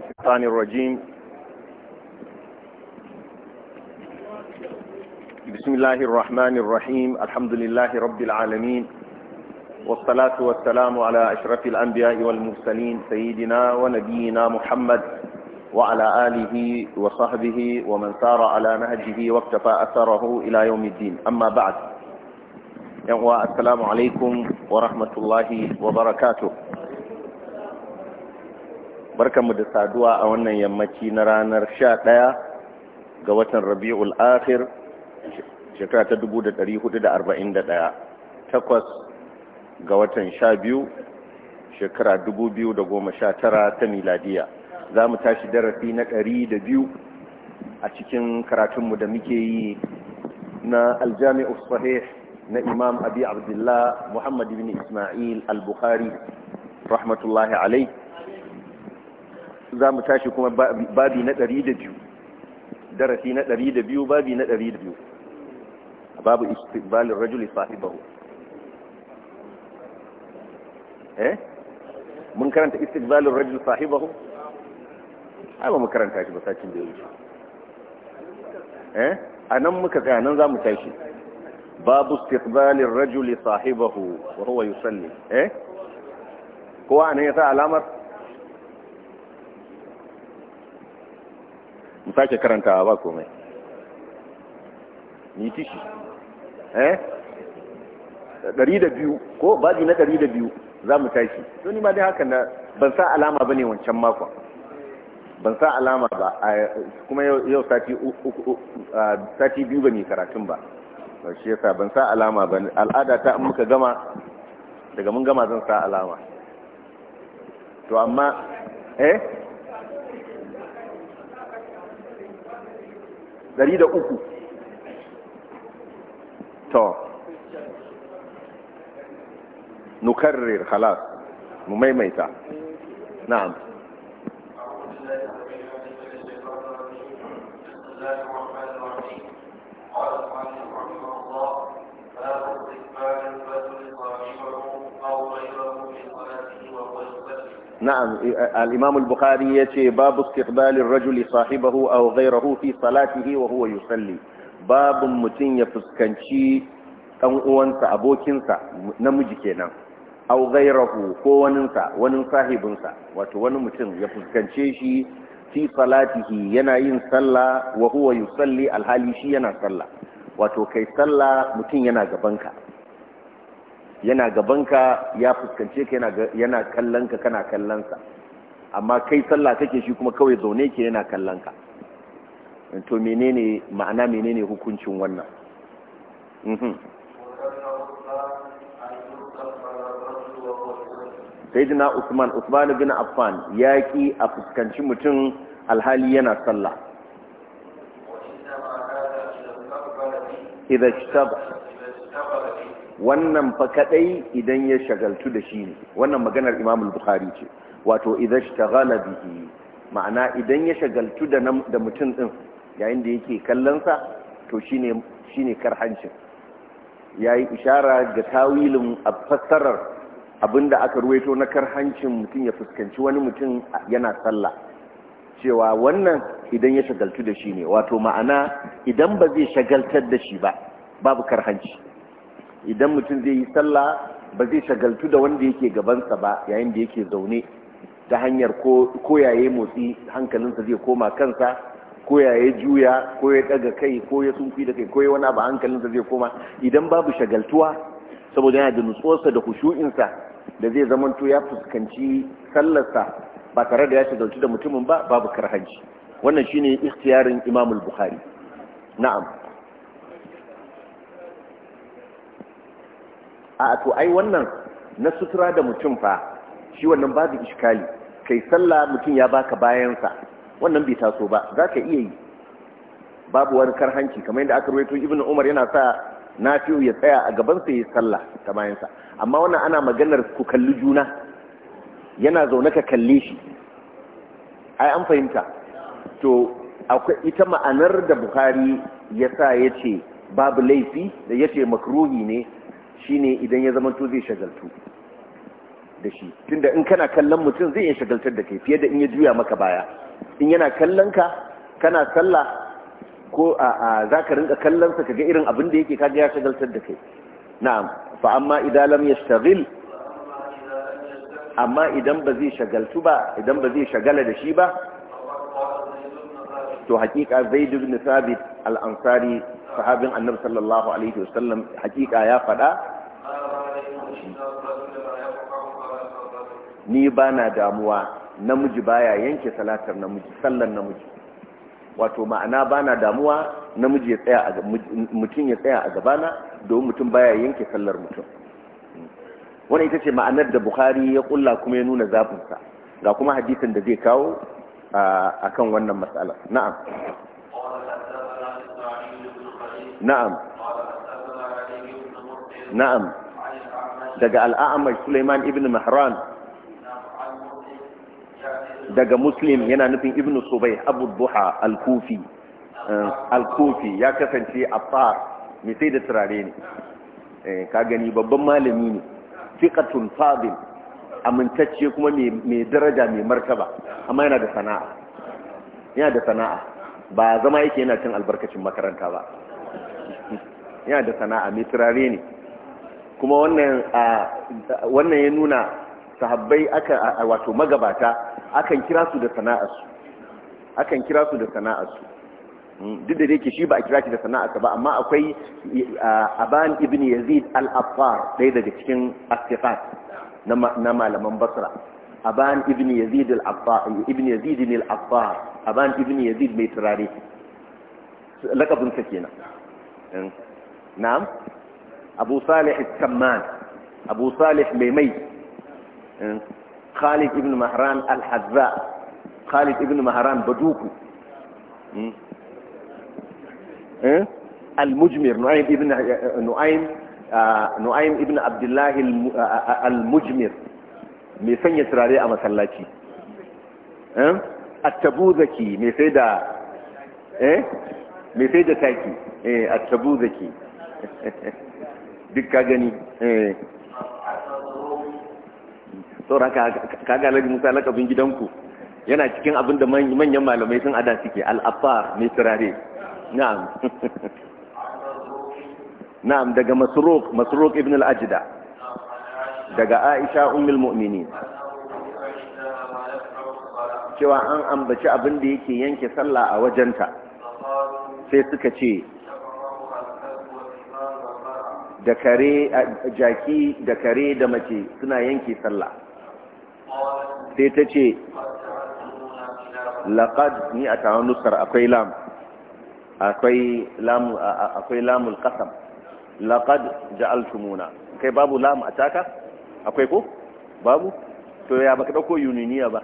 الشيطان الرجيم بسم الله الرحمن الرحيم الحمد لله رب العالمين والصلاة والسلام على أشرف الأنبياء والمرسلين سيدنا ونبينا محمد وعلى آله وصحبه ومن سار على نهجه واكتفى أثره إلى يوم الدين أما بعد السلام عليكم ورحمة الله وبركاته barkamu da saduwa a wannan yammaci na ranar 11 ga watan rabi'ul akhir shekara ta 1441 takwas ga watan 12 shekara 2019 ta miladiya za mu tashi darasi na 102 a cikin karatunmu da muke yi na aljami'u sahih na imam abi Abdullahi, muhammad ibn isma'il al-bukhari rahmatullahi alaihi za mu tashi kuma babi na ɗari da biyu darasi na ɗari da biyu babi na ɗari da biyu babu istibalin rajuli sahibahu eh mun karanta istibalin rajuli sahibahu ai ba mu karanta shi ba sacin da ya wuce eh? A nan muka ga nan za mu tashi babu istibalin rajuli sahibahu wa huwa yusalli eh kowa anan ya sa alamar mu sake karantawa ba komai ni tishi eh Dari da biyu ko babi na dari da biyu za mu tashi to ni ma dai haka na ban sa alama ba ne wancan makon ban sa alama ba kuma yau sati biyu ba ne karatun ba shi yasa ban sa alama ba al'ada ta an muka gama daga mun gama zan sa alama to amma eh dari da uku to nukarrir halas mu maimaita na'am na'am al-imam al-bukhari yace babu istiqbalir rajuli sahibahu aw ghayrahu fi salatihi wa huwa yusalli babu mutun ya fuskanci dan uwansa abokinsa namiji kenan aure rahu ko waninsa wanin sahibinsa wato wani mutum ya fuskance shi fi salatihi yana yin sallah wa huwa yusalli alhali shi yana sallah wato kai sallah mutum yana gabanka yana gabanka ya fuskance ka yana kallon ka kana kallon sa amma kai sallah kake shi kuma kawai zaune ke yana kallon ka to menene ma'ana menene hukuncin wannan mhm. sayyidina Usman Usman bin Affan ya a fuskanci mutum alhali yana sallah ba. wannan fa kadai idan ya shagaltu da shi ne wannan maganar Imamul bukhari ce wato idan shtaghala bihi ma'ana idan ya shagaltu da mutum din yayin da yake kallon sa to shine shine karhancin yayi ishara ga tawilin a fassarar abinda aka ruwaito na karhancin mutum ya fuskanci wani mutum yana sallah cewa wannan idan ya shagaltu da shi ne wato ma'ana idan ba zai shagaltar da shi ba babu karhanci idan mutum zai yi sallah ba zai shagaltu da wanda yake gabansa ba yayin da yake zaune ta hanyar ko motsi hankalinsa zai koma kansa ko juya ko ya daga kai ko ya sunfi da kai ko ya wani ba hankalinsa zai koma idan babu shagaltuwa saboda yana da nutsuwarsa da kushu'insa da zai zamanto ya fuskanci sallarsa ba tare da ya shagaltu da mutumin ba babu karhanci wannan shine ikhtiyarin imamul bukhari na'am a to ai wannan na sutura da mutum fa shi wannan babu iskali kai sallah mutum ya baka bayansa wannan bai taso ba za ka iya yi babu wani hanci kamar yadda aka rawaito ibnu umar yana sa nafi'u ya tsaya a gaban sa yi sallah ta bayansa amma wannan ana maganar ku kalli juna yana zaune ka kalle shi ai an fahimta to akwai ita ma'anar da bukhari ya sa ya babu laifi da yace makruhi ne shine idan ya zamanto zai shagaltu da shi tunda in kana kallon mutum zai iya shagaltar da kai fiye da in ya juya maka baya in yana kallon ka kana sallah ko a za ka rinka kallon sa kaga irin abin da yake kaga ya shagaltar da kai na'am fa amma idan lam yashtagil amma idan ba zai shagaltu ba idan ba zai shagala da shi ba to hakika zaid ibn thabit al-ansari sahabin annabi sallallahu alaihi wasallam hakika ya faɗa ni ba na damuwa namiji baya yanke salatar namiji sallan namiji wato ma'ana ba na damuwa namiji ya tsaya a mutum ya tsaya a gabana domin mutum baya yanke sallar mutum wani ita ce ma'anar da bukhari ya kulla kuma ya nuna zafinsa ga kuma hadisin da zai kawo a kan wannan matsala na'am na'am na'am daga al'amar Suleiman ibn Mahran daga Muslim yana nufin ibn Subay Abu Duha al-Kufi eh, ya kasance a far mai sai da turare ne eh, ka gani babban malami ne fiqatun fadil amintacce kuma mai daraja mai martaba amma yana da sana'a yana da sana'a ba zama yake yana cin albarkacin makaranta ba yana da sana'a mai turare ne kuma wannan ya nuna sahabbai aka wato magabata akan kira su da sana'arsu akan kira su da sana'arsu hmm, duk da ke shi ba a kira shi da sana'arsa ba amma akwai aban ibn yazid al-affar ɗaya daga cikin asifat na malaman basra aban ibn yazid al-affar ibn yazid al-affar aban ibn yazid mai turare lakabinsa kenan na'am abu salih al-samman abu salih mai khalid ibn mahran al-hazza khalid ibn mahran baduku eh? al-mujmir nu'aym ibn nu'aym ah, nu'aym ibn abdullah ah, al-mujmir mai sanya turare a masallaci eh? at-tabuzaki mai sai da eh? mai sai da taki eh, a tabu zaki duk ka gani eh ka ga alhaji musa lakabin gidanku yana cikin abin da manyan malamai sun ada suke al'afar mai turare na'am na'am daga masurok masurok ibn al daga aisha Umil mu'mini cewa an ambaci abin da yake yanke sallah a wajenta sai suka ce da kare jaki da kare da mace suna yanke sallah sai ta ce laqad ni a tawon nusar akwai lam akwai lam akwai lamul qasam laqad ja'altumuna kai babu lam a taka akwai ko babu to ya baka dauko yuniniya ba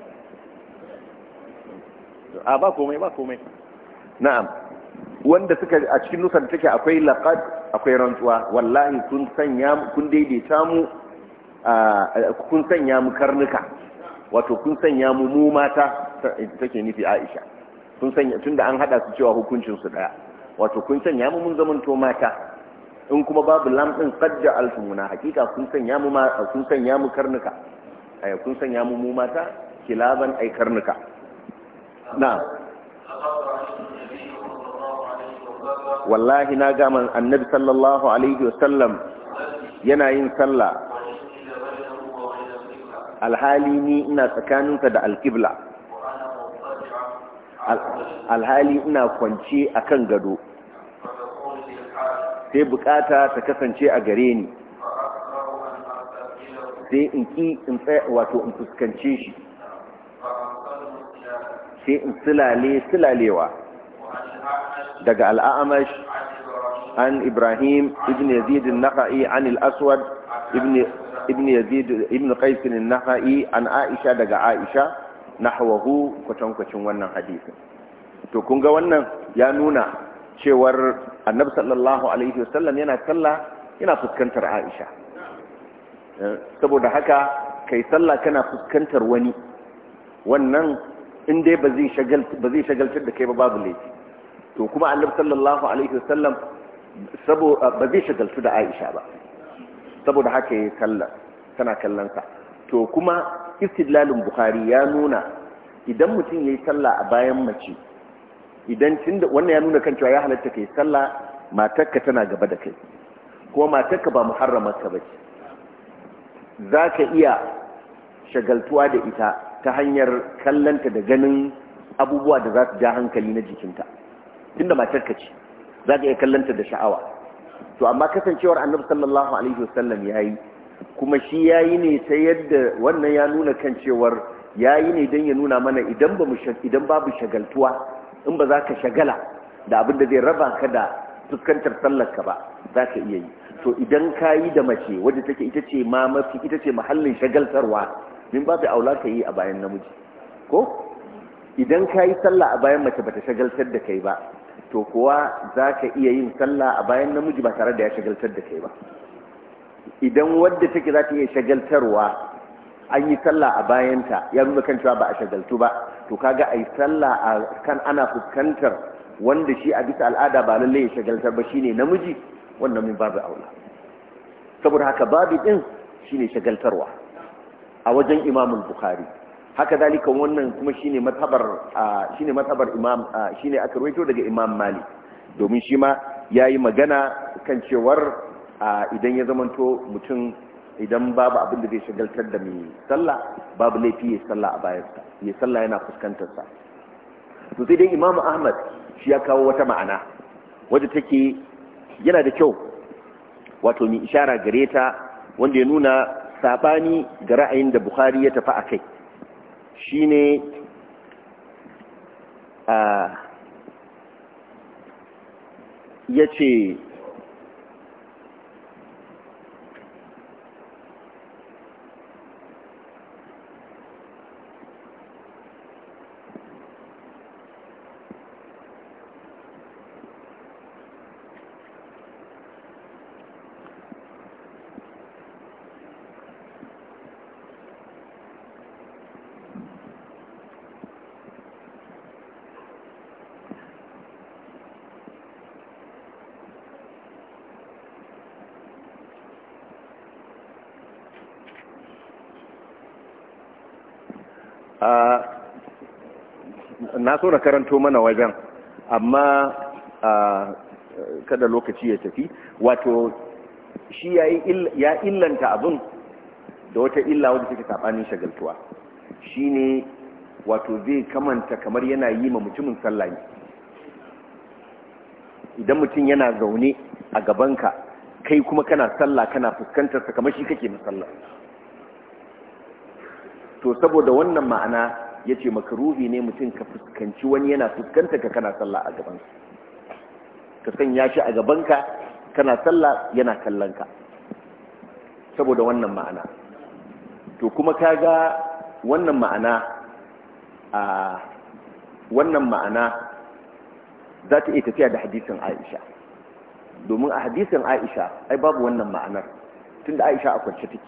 a ba komai ba komai na'am wanda suka a cikin nusar take akwai laqad akwai rantsuwa wallahi kun sanya kun daidaita mu kun sanya mu karnuka wato kun sanya mu mu mata take nufi Aisha kun sanya tunda an hada su cewa hukuncin su daya wato kun sanya mu mun to mata in kuma babu lam din alfumuna hakika kun sanya mu kun sanya mu karnuka kun sanya mu mu mata kilaban ai karnuka na'am wallahi na gama annabi sallallahu alaihi wasallam yana yin sallah alhali ni ina tsakaninsa da alkibla alhali ina kwance a kan gado sai bukata ta kasance a gare ni sai in ki in wato in fuskance shi sai in silale silalewa daga al'amash an ibrahim ibn yazid an-nakhai an nakhai an al’aswad aswad ibn yazid ibn qais an an aisha daga aisha na nahwahu kwatankwacin wannan hadisun to kun ga wannan ya nuna cewar annabi sallallahu alaihi wasallam yana talla, yana fuskantar aisha saboda haka kai talla kana fuskantar wani wannan in dai ba zai shagaltar da kai ba babu laifi to kuma annabi sallallahu alaihi wasallam saboda ah, ba zai shagaltu da Aisha ba saboda haka ya kalla tana kallon ka to kuma istidlalin Bukhari ya nuna idan mutum yayi sallah a bayan mace idan tunda wannan ya nuna kan cewa ya halatta kai sallah matarka tana gaba da kai kuma matarka ba muharramarka bace zaka iya shagaltuwa da ita ta hanyar kallanta da ganin abubuwa da za su ja hankali na jikinta tunda matar ka ce za ka iya kallanta da sha'awa to amma kasancewar annabi sallallahu alaihi wasallam yayi kuma shi yayi ne ta yadda wannan ya nuna kan cewar yayi ne dan ya nuna mana idan ba mu idan babu shagaltuwa in ba za ka shagala da abin da zai raba ka da fuskantar sallar ka ba za ka iya yi to idan ka yi da mace wadda take ita ce ma mafi ita ce mahallin shagaltarwa min babu aula ka yi a bayan namiji ko idan ka yi sallah a bayan mace ba ta shagaltar da kai ba to kuwa za ka iya yin sallah a bayan namiji ba tare da ya shagaltar da kai ba idan wadda take za ta iya shagaltarwa an yi sallah a bayanta ya nuna kan cewa ba a shagaltu ba to kaga a yi sallah a kan ana fuskantar wanda shi a bisa al'ada ba lallai ya shagaltar ba shine namiji wannan min babu aula saboda haka babu din shine shagaltarwa a wajen imamul bukhari haka zalika wannan kuma shine matabar shine matabar imam shine aka rawaito daga imam mali domin shi ma yayi magana kan cewar idan ya zamanto mutum idan babu abin da zai shagaltar da mai sallah babu laifi ya sallah a bayansa ya sallah yana fuskantar sa to sai dai imam ahmad shi ya kawo wata ma'ana wadda take yana da kyau wato mai ishara gareta wanda ya nuna sabani ga ra'ayin da bukhari ya tafi a kai shi ne ah, ya ce na so na karanto mana wajen amma kada lokaci ya tafi wato shi ya illanta abin da wata illa wadda take sabanin shagaltuwa shi ne wato zai kamanta kamar yana yi ma mutumin sallah idan mutum yana zaune a gabanka kai kuma kana sallah kana fuskantar sa kamar shi kake sallah, to saboda wannan ma'ana yace makruhi ne mutum ka fuskanci wani yana fuskanta ka kana sallah a gaban ka sanya shi a gabanka kana sallah yana kallon ka saboda wannan ma'ana to kuma kaga wannan ma'ana a wannan ma'ana za ta iya tafiya da hadisin Aisha domin a hadisin Aisha ai babu wannan ma'anar tunda Aisha a kwance take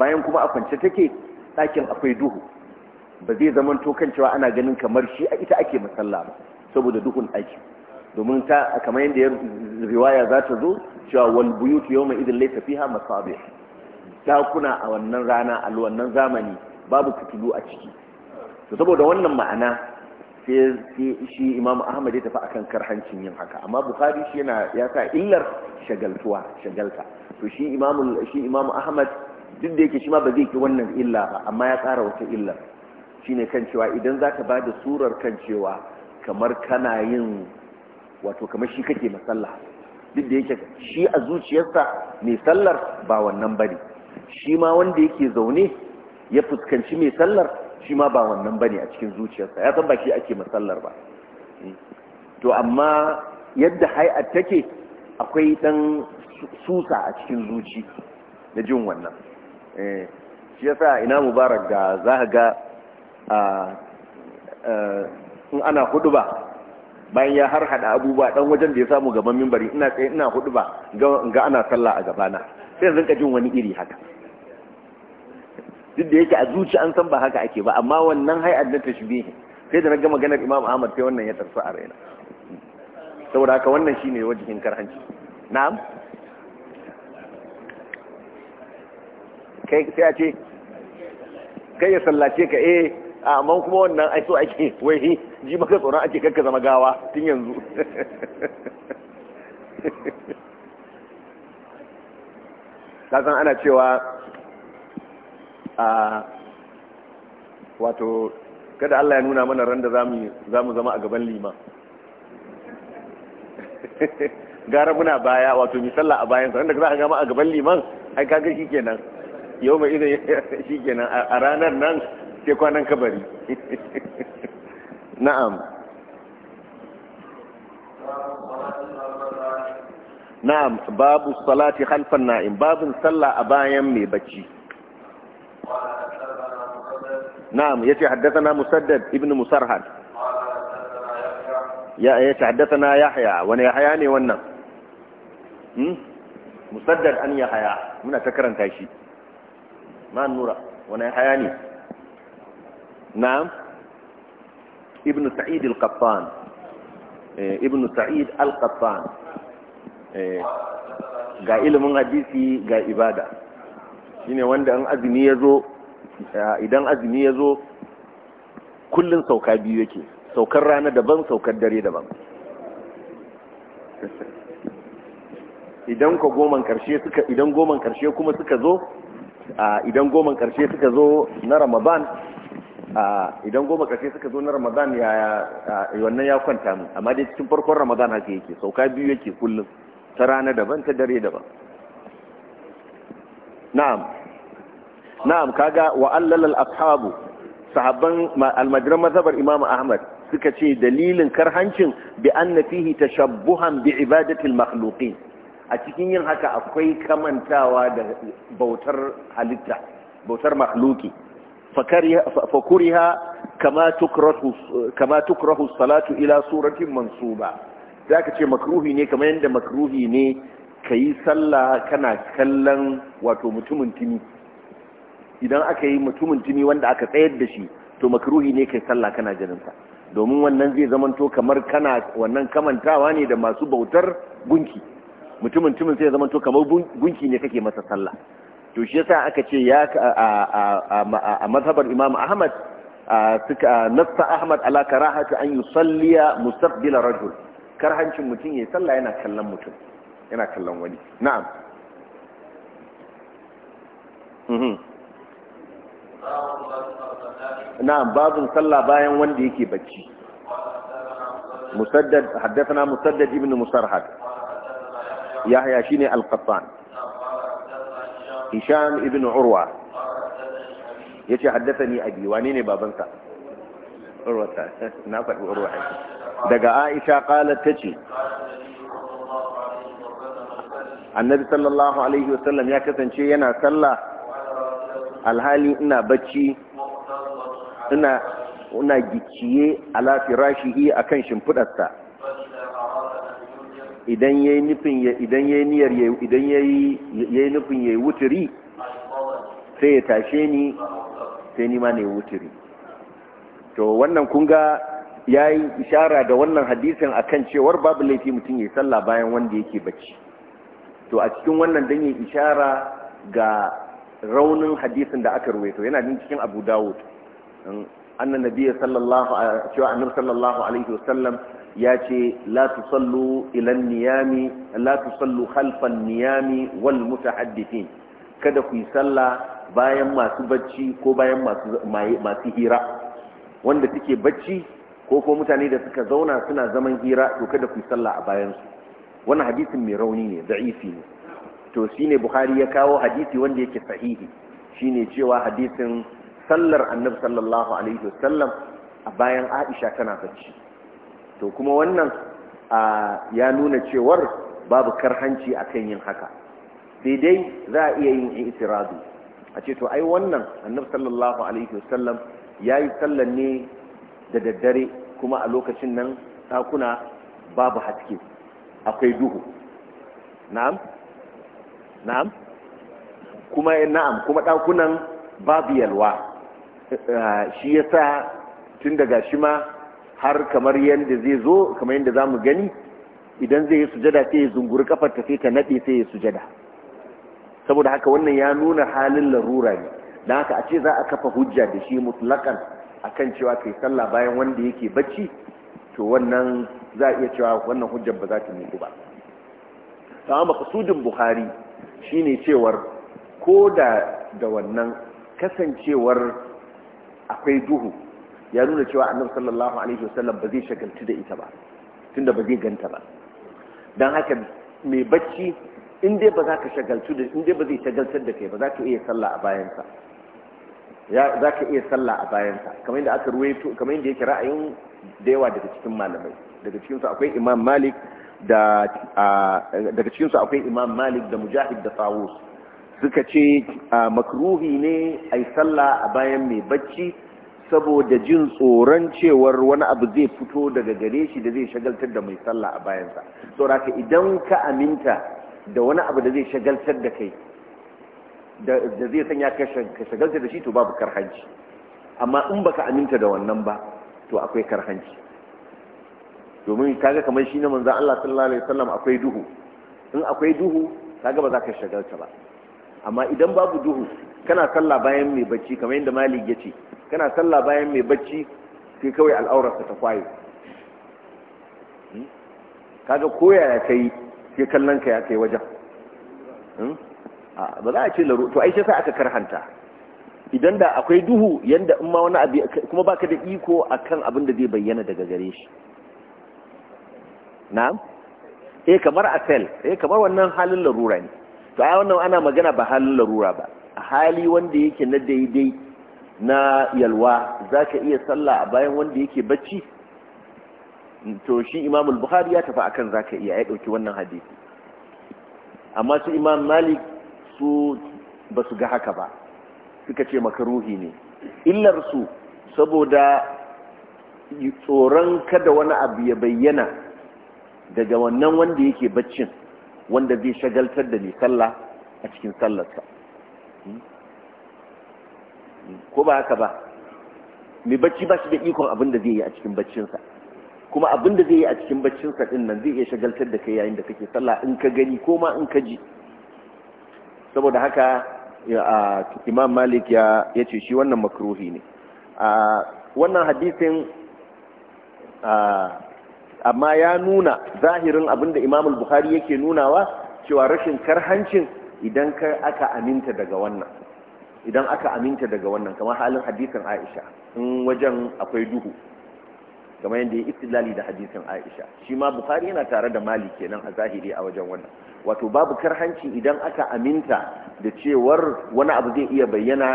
bayan kuma a kwance take ɗakin akwai duhu ba zai zaman tokan cewa ana ganin kamar shi a ita ake masalla ba saboda duhun aiki domin ta kamar yadda riwaya za ta zo cewa wal yau mai idin laifin fiha masabi dakuna a wannan rana a wannan zamani babu fitilu a ciki saboda wannan ma'ana sai shi Imam Ahmad ya tafi akan karhancin yin haka amma bukari shi yana ya sa illar shagaltuwa shagalta to shi Imam shi Ahmad duk da yake shi ma ba zai ki wannan illa ba amma ya tsara wata illar shine kan cewa idan za ka ba da surar kan cewa kamar kana yin wato kamar shi kake masalla duk da yake shi a zuciyarsa mai sallar ba wannan bane shi ma wanda yake zaune ya fuskanci mai sallar shi ma ba wannan bane a cikin zuciyarsa ya san ba shi ake masallar ba to amma yadda hai'ar take akwai dan susa a cikin zuci da jin wannan eh, shi yasa ina mubarak da za ga in ana hudu ba bayan ya har hada abubuwa dan wajen da ya samu gaban mimbari ina tsaye ina hudu ba ga ana sallah a gabana sai zan jin wani iri haka duk da yake a zuci an san ba haka ake ba amma wannan hay'ar ta tashbihi sai da na ga maganar Imam Ahmad sai wannan ya tarsu a raina saboda haka wannan shine wajihin karhanci na'am kai sai a ce kai ya sallace ka eh amma kuma wannan ai so ake wai ji maka tsoron ake kakka zama gawa tun yanzu kasan ana cewa a wato kada Allah ya nuna mana ran da za mu zama a gaban lima gara muna baya wato misalla a bayan sa da za a gama a gaban liman ai kaga kenan yau mai shi kenan a ranar nan ke kwanan kabari na'am na'am babu salati khalfan na'im babu sallah a bayan mai bacci na'am yace haddathana musaddad ibnu musarhad ya yace haddathana yahya wani yahya ne wannan hmm musaddad an yahya muna ta karanta shi ma nura wani yahya ne Na ibn sa'id al-qattan eh, ibn sa'id al-qattan eh, ga ilimin hadisi ga ibada shine wanda an azumi yazo eh, idan azumi yazo kullun sauka biyu yake saukar rana daban saukar dare daban idan ka goman karshe suka idan goman karshe kuma suka zo ah, idan goman karshe suka zo na ramadan idan goma ƙarshe suka zo na ramadan ya eh, wannan ya kwanta mu amma dai cikin farkon ramadan haka yake sauka biyu yake kullum ta rana daban ta dare daban na'am na'am kaga wa allal ashabu sahabban almajiran mazhabar imam ahmad suka ce dalilin kar karhancin bi anna fihi tashabbuhan bi ibadati makhluqin a cikin yin haka akwai kamantawa da bautar halitta bautar makhluki fakuriha kama tukrahu salatu ila suratin mansuba za ka ce makruhi ne kamar yadda makruhi ne ka yi sallah kana kallon wato mutumin tuni idan aka yi mutumin tuni wanda aka tsayar da shi to makruhi ne kai sallah kana jininsa domin wannan zai zamanto kamar kana wannan kamantawa ne da masu bautar gunki mutumin tuni sai zamanto kamar gunki ne kake masa sallah to shi yasa aka ce ya a mazhabar imam ahmad suka nasta ahmad ala karahatu an yusalliya mustaqbila rajul karhancin mutum yayin sallah yana kallon mutum yana kallon wani na'am mhm. na'am babun sallah bayan wanda yake bacci مسدد حدثنا مسدد ابن مسرحد يحيى شيني القطان hisham ibn urwa yace haddathani abi wane ne babansa urwa na faɗi urwa daga aisha qalat tace annabi sallallahu alaihi wasallam ya kasance yana sallah alhali ina bacci ina ina gicciye ala firashihi akan shimfidarsa idan yayi nufin ya idan yayi niyyar ya idan yayi yayi nufin yayi wuturi sai ya tashe ni sai ni ma ne wuturi to wannan kun ga yayi ishara da wannan hadisin akan cewar babu laifi mutum yayi sallah bayan wanda yake bacci to a cikin wannan dan yayi ishara ga raunin hadisin da aka ruwaito yana cikin Abu Dawud annan nabiyya sallallahu cewa annabi sallallahu alaihi wasallam ya ce la tusallu ila niyami la tusallu khalfan niyami wal mutahaddithin kada ku yi sallah bayan masu bacci ko bayan masu hira wanda suke bacci ko ko mutane da suka zauna suna zaman hira to kada ku yi sallah a bayansu wannan hadisin mai rauni ne da'ifi ne to shine buhari ya kawo hadisi wanda yake sahihi shine cewa hadisin sallar annabi sallallahu alaihi wasallam a bayan aisha tana bacci to kuma wannan ya nuna cewar babu karhanci akan yin haka sai dai za a iya yin itirazi a ce to ai wannan annabi sallallahu alaihi wasallam yayi sallar ne da daddare kuma a lokacin nan ɗakuna babu haske akwai duhu na'am na'am kuma na'am kuma ɗakunan babu yalwa Ah, shi ya sa tun daga shi ma har kamar yadda zai zo kamar yadda za mu gani idan zai yi sujada sai ya zunguri kafar ta sai ta naɗe sai ya sujada saboda haka wannan ya nuna halin larura ne don haka a ce za a kafa hujja da shi mutlakan kan cewa kai sallah bayan wanda yake bacci to wannan za a iya cewa wannan hujjar ba za ta nuku ba amma makasudin buhari shine cewar ko da da wannan kasancewar akwai duhu ya nuna cewa annabi sallallahu alaihi wasallam ba zai shagaltu da ita ba tunda ba zai ganta ba dan haka mai bacci in dai ba za ka shagaltu da in dai ba zai shagaltar da kai ba za ka iya sallah a bayansa ya za ka iya sallah a bayansa kamar yadda aka ruwaito kamar yadda yake ra'ayin da yawa daga cikin malamai daga cikin su akwai imam malik da daga cikin su akwai imam malik da mujahid da tawus suka ce a makruhi ne a yi sallah a bayan mai bacci saboda jin tsoron cewar wani abu zai fito daga gare shi da zai shagaltar da mai sallah a bayansa ka idan ka aminta da wani abu da zai shagaltar da kai da zai sanya ka shagaltar da shi to babu karhanci amma in baka aminta da wannan ba to akwai karhanci domin kaga kamar shi na manzon Allah sallallahu alaihi wasallam akwai duhu in akwai duhu kaga ba za ka shagalta ba amma idan babu duhu kana sallah bayan mai bacci kamar yadda malik ya ce kana sallah bayan mai bacci sai kawai al'aurarsa ta kwaye hmm? kaga koya ya kai sai kallon ka ya kai wajen hmm? ba za a ce laro to aisha sai aka karhanta idan da akwai duhu yadda in ma wani abu kuma baka da iko a kan abin da zai bayyana daga gare shi na'am eh kamar a sel eh kamar wannan halin larura ne to a wannan ana magana ba halin larura ba a hali wanda yake na daidai na yalwa zaka iya sallah a bayan wanda yake bacci to shi imam buhari ya tafi akan zaka iya ya dauki wannan hadisi amma su imam malik su basu ga haka ba suka ce makaruhi ne illar su saboda tsoron kada wani abu ya bayyana daga wannan wanda yake baccin wanda zai shagaltar da mai sallah a cikin sallarsa ko ba haka ba mai bacci ba shi da ikon abin da zai yi a cikin baccinsa kuma abin da zai yi a cikin baccinsa din nan zai iya shagaltar da kai yayin da kake sallah in ka gani ko ma in ka ji saboda haka imam malik ya ce shi wannan makruhi ne wannan hadisin amma ya nuna zahirin abinda imam al-bukhari yake nunawa cewa rashin karhancin idan ka aka aminta daga wannan idan aka aminta daga wannan kamar halin hadisin Aisha in wajen akwai duhu kamar yadda ya istilali da hadisin Aisha shi ma Bukhari yana tare da mali kenan a zahiri a wajen wannan wato babu karhanci idan aka aminta da cewar wani abu zai iya bayyana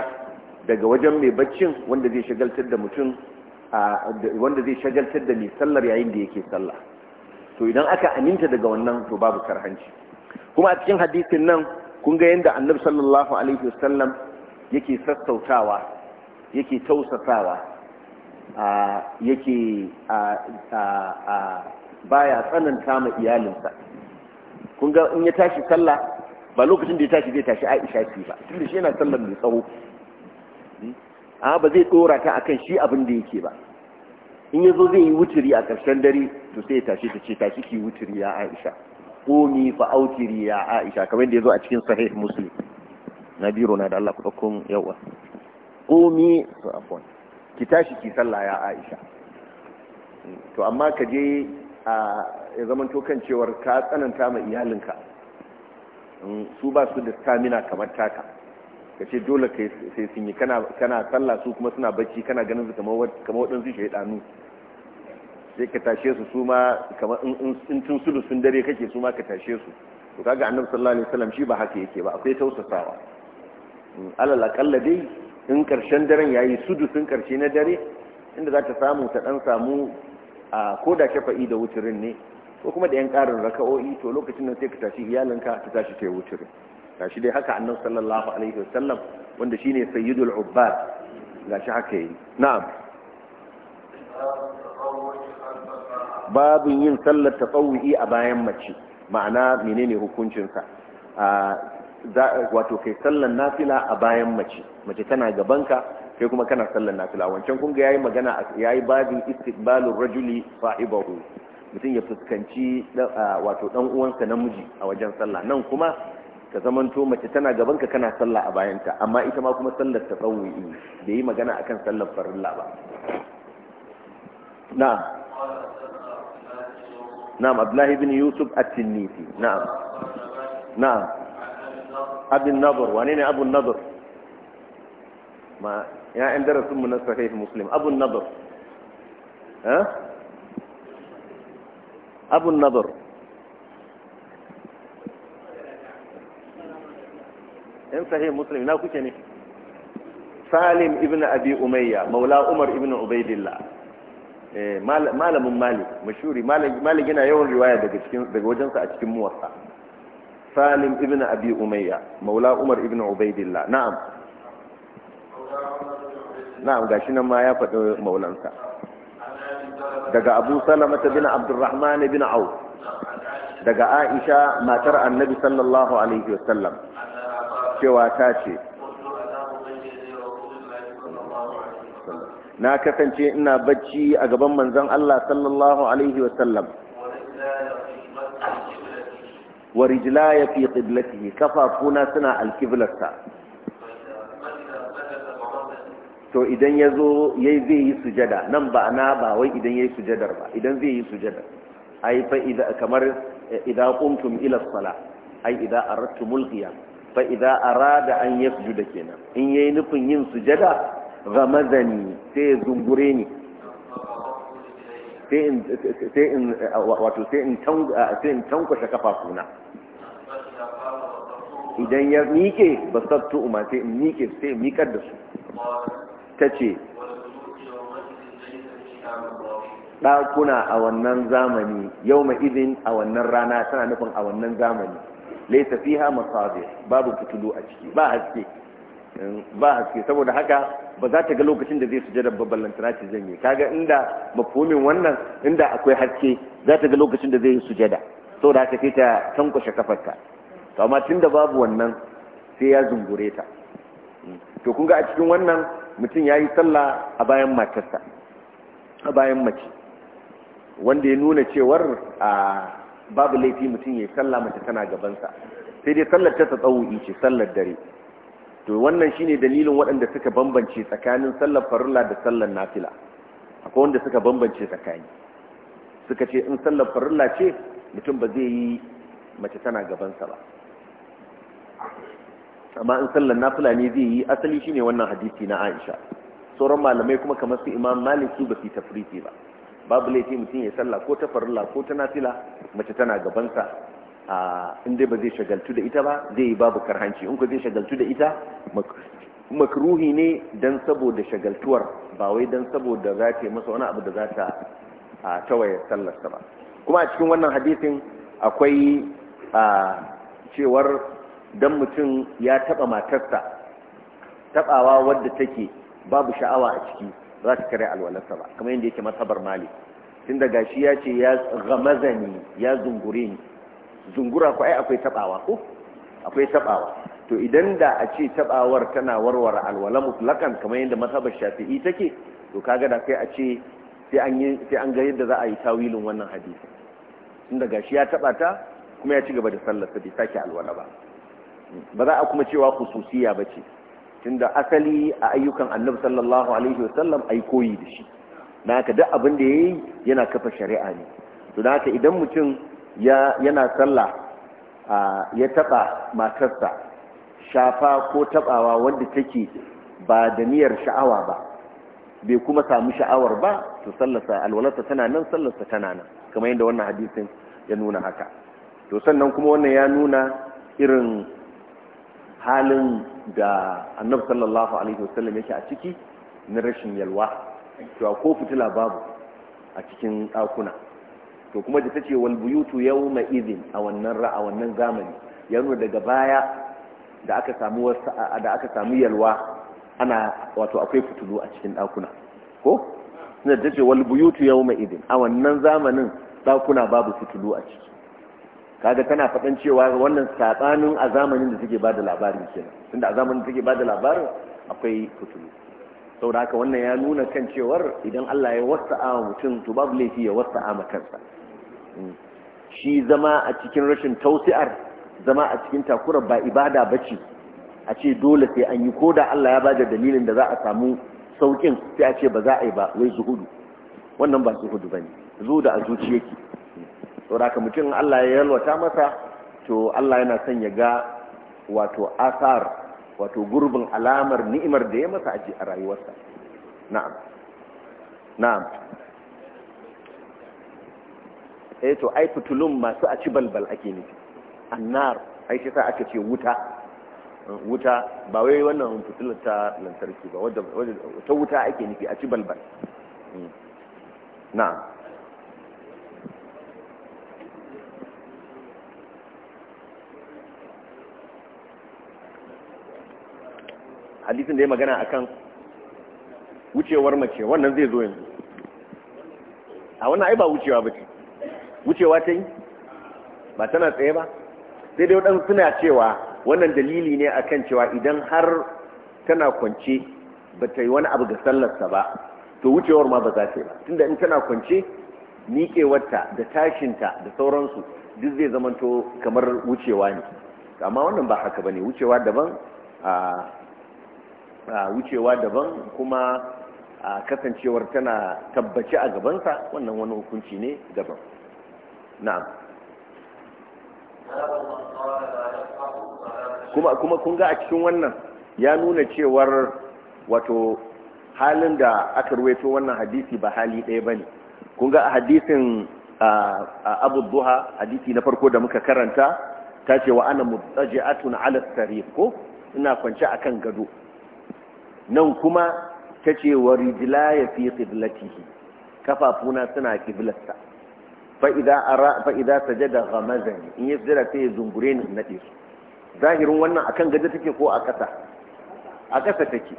daga wajen mai baccin wanda zai shagaltar da mutum wanda zai shagaltar da mai sallar yayin da yake sallah to idan aka aminta daga wannan to babu karhanci kuma a cikin hadisin nan kun ga yadda annabi sallallahu alaihi wasallam yake sassautawa yake tausasawa yake baya tsananta ma iyalinsa kun ga in ya tashi sallah ba lokacin da ya tashi zai tashi Aisha ce ba tunda shi yana sallar mai tsawo hmm? amma ba zai tsora ta akan shi abin da yake ba in yazo zai yi wuturi a ƙarshen dare to sai ya tashi ta ce tashi ki wuturi ya Aisha qumi fa autiri ya Aisha kamar da yazo a cikin sahih muslim nabiro na da Allah ku dauko yawa qumi afwan ki tashi ki sallah ya Aisha to amma ka je a ya to kan cewar ka tsananta ma iyalinka mm, su ba su da stamina kamar taka ka ce dole sai sun yi kana sallah su kuma suna bacci kana ganin su kama waɗansu shaidanu sai ka tashe su su ma kamar in tun sudu sun dare kake su ma ka tashe su to kaga annabi sallallahu alaihi wasallam shi ba haka yake ba akwai tausasawa mm, alal aqalla dai in karshen daren yayi sudu sun karshe na dare inda za ta samu ta ɗan samu a koda shafa'i da wuturin ne ko kuma da yan karin raka'o'i to lokacin nan sai ka tashi iyalinka ta tashi ta yi wuturin shi dai haka annabi sallallahu alaihi wasallam wanda shine sayyidul ubbad shi haka yi na'am babin yin sallar tatawu'i a bayan mace ma'ana menene hukuncinsa wato kai sallar nafila a bayan mace mace tana gabanka kai kuma kana sallar nafila wancan kun ga yayi magana yayi babin istiqbalur rajuli sahibahu mutum ya fuskanci wato dan uwansa namiji a wajen sallah nan kuma ka zamanto mace tana gaban ka kana sallah a bayanta amma ita ma kuma sallar ta yi da yi magana akan sallar farilla ba na'am na'am abdullahi bin yusuf at-tinnisi na'am na'am abin nazar wane ne abun nazar ma ya yan darasin mu na sahih muslim abun nazar eh abun nazar in sahih muslim na kuke ne salim ibn abi umayya maula umar ibn ubaidillah eh, malamin mali mashuri malik yana yawan riwaya daga wajensa a cikin muwasa salim ibn abi umayya maula umar ibn ubaidillah na'am na'am gashi nan ma ya faɗi maulansa daga abu salama ta bin abdurrahman bin auf daga aisha matar annabi sallallahu alaihi wasallam cewa ta ce na kasance ina bacci a gaban manzon Allah sallallahu alaihi wasallam wa rijlaya fi qiblatihi kafafuna suna alqiblarsa to idan yazo yayi zai yi sujada nan ba na ba wai idan yayi sujadar ba idan zai yi sujada ai fa idza kamar eh, idza qumtum ila as-salah ai idza aradtumul qiyam fa idza arada an yasjuda kenan in yayi nufin yin sujada ghamazani sai zungure ni sai in sai in wato sai in sai in tankwashe kafafuna idan ya mike basattu umma sai in mike sai in mikar da su tace ɗakuna a wannan zamani yau ma izin a wannan rana tana nufin a wannan zamani laysa fiha masabih babu fitulu a ciki ba haske mm, ba haske saboda haka ba za ta ga lokacin da zai sujada babban lantana ce zan yi kaga inda mafhumin wannan inda akwai haske za ta ga lokacin da zai sujada saboda haka sai ta tankwashe kafarka to amma tunda babu wannan sai ya zungure ta mm. to kun ga a cikin wannan mutum ya yi sallah a bayan matarsa a bayan mace wanda ya nuna cewar a ah, babu laifi mutum ya yi sallah mace tana gabansa sai dai sallar ta tsawu'i ce sallar dare to wannan shine dalilin waɗanda suka bambance tsakanin sallar farilla da sallar nafila akwai wanda suka bambance tsakani suka ce in sallar farilla ce mutum ba zai yi mace tana gabansa ba amma in sallar nafila ne zai yi asali shine wannan hadisi na Aisha sauran malamai kuma kamar su Imam Malik su ba su tafriti ba babu laifi mutum ya sallah ko ta farilla ko ta nafila mace tana gabansa a in dai ba zai shagaltu da ita ba zai yi babu karhanci in ku zai shagaltu da ita makruhi ne dan saboda shagaltuwar ba wai dan saboda za ta masa wani abu da za ta tawaye sallarsa ba kuma a cikin wannan hadisin akwai cewar dan mutum ya taba matarsa tabawa wadda take babu sha'awa a ciki za ta kare alwalarsa ba kamar yadda yake masabar mali tun da gashi ya ce ya gamaza ni ya zungure ni zungura ku ai akwai tabawa ko akwai tabawa to idan da a ce tabawar tana warware alwala mutlakan kamar yadda masabar shafi'i take to kaga da sai a ce sai an ga yadda za a yi tawilin wannan hadisi tun da gashi ya taba ta kuma ya ci gaba da sallar sa bai sake alwala ba hmm. ba za a kuma cewa khususiya ce. tunda asali a ayyukan annabi sallallahu alaihi wasallam ai koyi da shi na haka duk abin da yayi yana kafa shari'a ne to da haka idan mutum ya yana sallah ya taba matarsa shafa ko tabawa wanda take ba da niyyar sha'awa ba bai kuma samu sha'awar ba to sallarsa alwalarsa tana nan sallarsa tana nan kamar yadda wannan hadisin ya nuna haka to sannan kuma wannan ya nuna irin halin da annabi sallallahu alaihi wasallam yake a ciki na rashin yalwa to ko fitila babu a cikin ɗakuna to kuma da ce wal buyutu yawma idhin a wannan ra'a wannan zamani ya nuna daga baya da aka samu da aka samu yalwa ana wato akwai fitulu a cikin ɗakuna ko suna ce wal buyutu yawma idhin a wannan zamanin ɗakuna babu fitulu a ciki kaga kana faɗan cewa wannan saɓanin a zamanin da suke bada labarin kenan tunda a zamanin da suke bada labarin akwai fitulu saboda haka wannan ya nuna kan cewar idan Allah ya wasa'a mutum to babu laifi ya wasa'a a kansa hmm. shi zama a cikin rashin tausi'ar zama a cikin takura ba ibada ba ce, a ce dole sai an yi ko da Allah ya bada dalilin da za a samu saukin sai a ce ba za a yi ba wai zuhudu wannan ba zuhudu ne zuhudu a zuciya yake saboda mutum Allah ya yalwata masa to Allah yana son ya ga wato asar wato gurbin alamar ni'imar da ya masa a rayuwarsa na'am na'am eh to ai fitulun masu a ci balbal ake nufi annar ai shi sa aka ce wuta wuta ba wai wannan fitulun ta lantarki ba wadda ta wuta ake nufi a ci balbal hmm. na'am hadisin da ya magana akan wucewar mace wannan zai zo yanzu a wannan ai ba wucewa ba ce wucewa ta yi ba tana tsaye ba sai dai waɗansu suna cewa wannan dalili ne akan cewa idan har tana kwance ba ta yi wani abu ga sallarsa ba to wucewar ma ba za ta yi ba tunda in tana kwance miƙewarta da tashinta da sauransu duk zai zamanto kamar wucewa ne amma wannan ba haka ba ne wucewa daban a wucewa daban kuma a kasancewar tana tabbaci a gabansa wannan wani hukunci ne daban na'am kuma kuma kun ga a cikin wannan ya nuna cewar wato halin da aka ruwaito wannan hadisi ba hali ɗaya ba ne kun ga a hadisin abu hadisi na farko da muka karanta ta ce wa ana atuna ala sarif ko ina kwance kan gado nan kuma ta ce wa rijila ya fi ƙiblatihi kafafuna suna ƙiblarsa fa'ida sajada ramazan in yi sujada ta yi zungure ni na su zahirin wannan akan gaje take ko a ƙasa a ƙasa take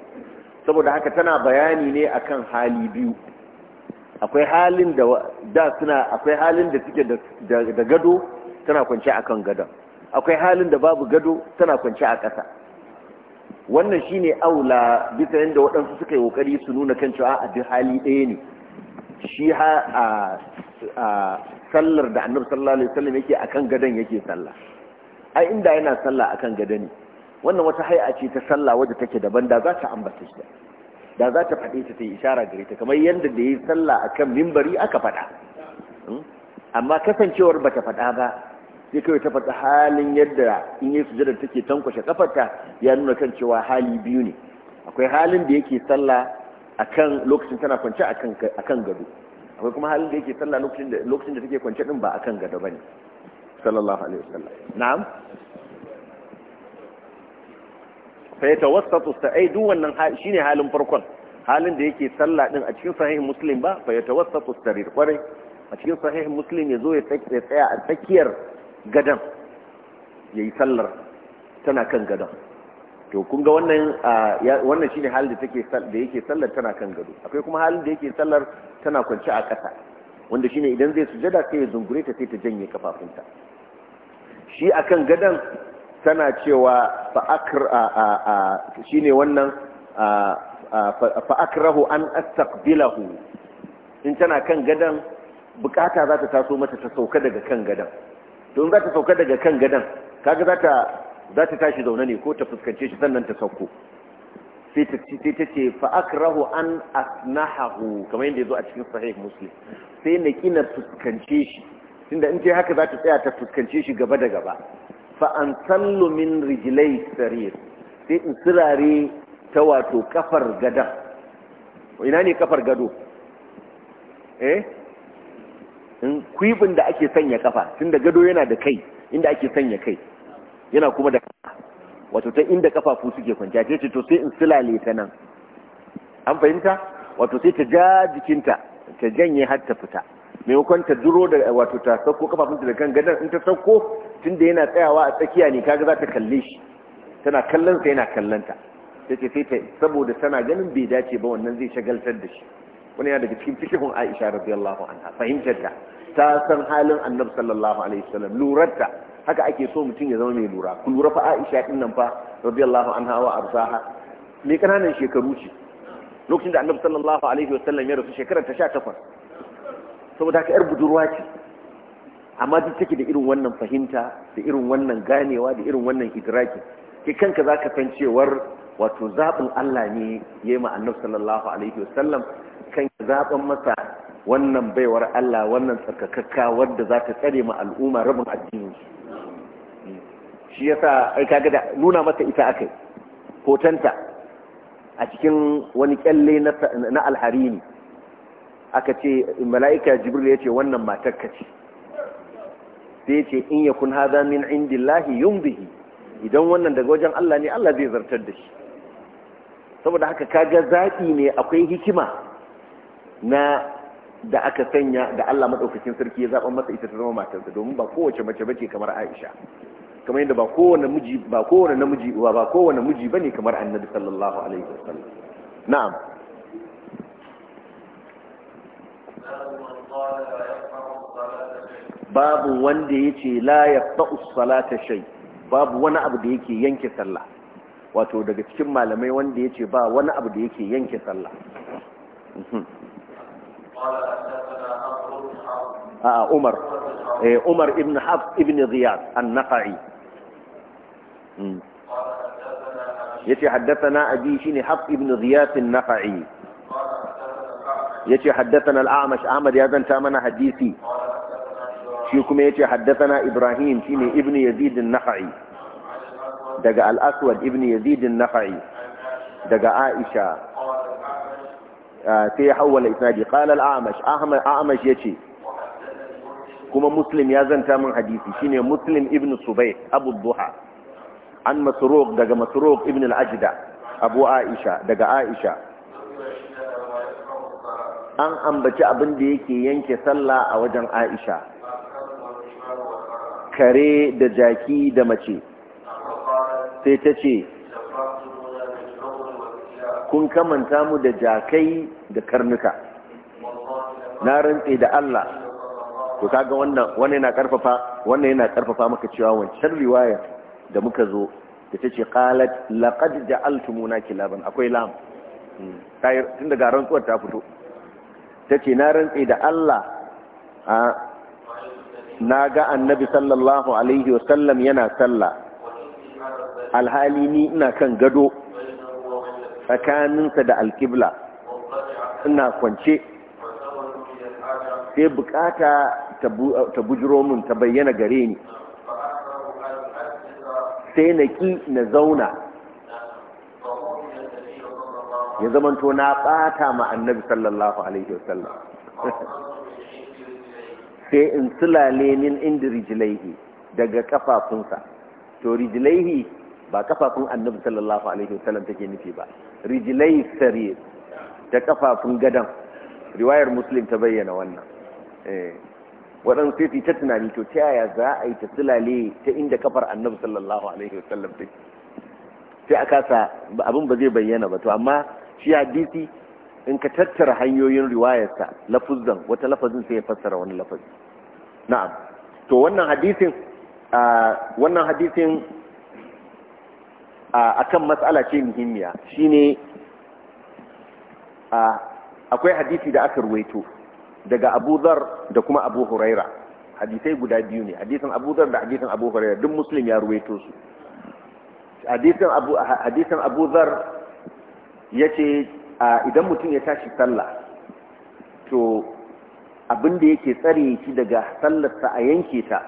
saboda haka tana bayani ne akan hali biyu akwai halin da suna akwai halin da suke da gado tana kwance akan gadon akwai halin da babu gado tana kwance a ƙasa wannan shine aula bisa yanda waɗansu suka yi kokari su nuna kan cewa a duk hali ɗaya ne shi ha a sallar da annabi sallallahu alaihi wasallam yake akan gadan yake salla ai inda yana salla akan gadon ne wannan wata hai'a ce ta salla wadda take daban da za ta ambata shi da za ta faɗe ta ta yi ishara gare ta kamar yadda da yi sallah akan mimbari aka faɗa hmm? amma kasancewar bata faɗa ba sai kawai ta faɗi halin yadda in yi sujada take tankwashe kafarta ya nuna kan cewa hali biyu ne akwai halin da yake sallah akan lokacin tana kwance akan gado akwai kuma halin da yake sallah lokacin da lokacin da take kwance din ba akan gado bane sallallahu alaihi wasallam na'am fa yatawassatu sa'i duk wannan shine halin farkon halin da yake sallah din a cikin sahih muslim ba fa yatawassatu sarir kware a cikin sahih muslim yazo ya tsaya a tsakiyar gadan ya yi sallar tana kan gadan to kun ga wannan wannan ne halin da da yake sallar tana kan gado akwai kuma halin da yake sallar tana kwance a ƙasa wanda shi ne idan zai sujada sai ya zungure ta sai ta janye kafafunta shi a kan gadan tana cewa shi ne wannan fa an astaqbilahu in tana kan gadan bukata za ta taso mata ta sauka daga kan gadan Don za ta sauka daga kan gadon kaga za ta za ta tashi zaune ne ko ta fuskance shi sannan ta sauko sai ta ce fa'akrahu an asnahahu kamar yadda ya zo a cikin sahih muslim sai na kina fuskance shi tunda in ce haka za ta tsaya ta fuskance shi gaba da gaba fa'an sallu min rijilai sai in sirare ta wato kafar gadon ina ne kafar gado eh Hmm? kwibin da ake sanya kafa tun da gado yana da kai inda ake sanya kai yana kuma da wato ta inda kafafu suke kwanciya ce ce to sai in silale ta nan an fahimta wato sai ta ja jikinta ta janye har ta fita maimakon ta duro da wato ta sauko kafafunta da kan gadon in ta sauko tun da yana tsayawa a tsakiya ne kaga za ta kalle shi tana kallonsa, yana kallon ta sai ce sai ta saboda tana ganin bai dace ba wannan zai shagaltar da shi wani yana daga cikin fikihun Aisha radiyallahu anha fahimtar ta ta san halin annabi sallallahu alaihi wasallam lurarta haka ake so mutum ya zama mai lura ku lura fa Aisha din nan fa radiyallahu anha wa arsaha me kananan shekaru ce lokacin da annabi sallallahu alaihi wasallam ya rasu shekarar ta 18 saboda haka yar budurwa ce amma duk take da irin wannan fahimta da irin wannan ganewa da irin wannan idraki ke kanka zaka san cewar wato zaɓin Allah ne ya yi ma annabi sallallahu alaihi wasallam kan zaɓin masa wannan baiwar Allah wannan tsarkakakka wadda za ta tsare ma al'umma rabin addinin shi yasa ai kaga da nuna mata ita akai hotanta a cikin wani kyalle na alharini aka ce mala'ika jibril ya ce wannan matakka ce sai ce in ya kun haza min indillahi bihi idan wannan daga wajen Allah ne Allah zai zartar da shi saboda haka kaga zaɓi ne akwai hikima na da aka sanya da Allah madaukakin sarki ya zaba masa ita ta zama matarsa domin ba kowace mace bace kamar Aisha kamar yadda ba kowane miji ba kowane namiji ba ba kowane miji bane kamar Annabi sallallahu alaihi wasallam na'am babu wanda yace la yaqta'u salata shay babu wani abu da yake yanke sallah wato daga cikin malamai wanda yace ba wani abu da yake yanke sallah mhm. آه أمر آه، إيه ابن حفص ابن غياث النقعي يتي حدثنا أبي شيني حفص ابن غياث النقعي يتي حدثنا الأعمش أحمد يزن تامنا حديثي شيكم يتي حدثنا إبراهيم شيني ابن يزيد النقعي دقاء الأسود ابن يزيد النقعي دقاء عائشة sai ya hawwala isnadi qala al-a'mash ahmad a'mash yace kuma muslim ya zanta min hadisi shine muslim ibn subay abu duha an masruq daga masruq ibn al-ajda abu aisha daga aisha an ambaci abin da yake yanke sallah a wajen aisha kare da jaki da mace sai ta ce kun kamanta mu da jakai da karnuka na rantse da Allah to kaga wannan wannan yana karfafa wannan yana karfafa maka cewa wancan riwaya da muka zo da tace qalat laqad ja'altumuna kilaban akwai lam hmm. tun daga rantsuwar ta fito tace na rantse da Allah a na ga annabi sallallahu alaihi wasallam yana sallah alhali ni ina kan gado tsakaninsa da alkibla ina kwance sai bukata ta bujiro min ta bayyana gare ni sai na ki na zauna ya zamanto na bata ma annabi sallallahu alaihi wasallam sai in sulale min inda rijilaihi daga kafafunsa to rijilaihi ba kafafun annabi sallallahu alaihi wasallam take nufi ba rijlai sarir da kafafun gadan riwayar muslim ta bayyana wannan eh waɗansu sai ta tunani to ta yaya za a yi ta silale ta inda kafar annabi sallallahu alaihi wasallam take sai a kasa abin ba zai bayyana ba to amma shi hadisi in ka tattara hanyoyin riwayarsa lafuzan wata lafazin sai ya fassara wani lafazi na'am to wannan hadisin ah, wannan hadisin akan matsala ce muhimmiya shine akwai hadisi da aka ruwaito daga Abu da kuma Abu Huraira hadisai guda biyu ne hadisan Abu da hadisan Abu Huraira duk musulun ya ruwaito su hadisan Abu ya ce idan mutum ya tashi sallah to abin da yake tsare shi daga sallarsa a yanke ta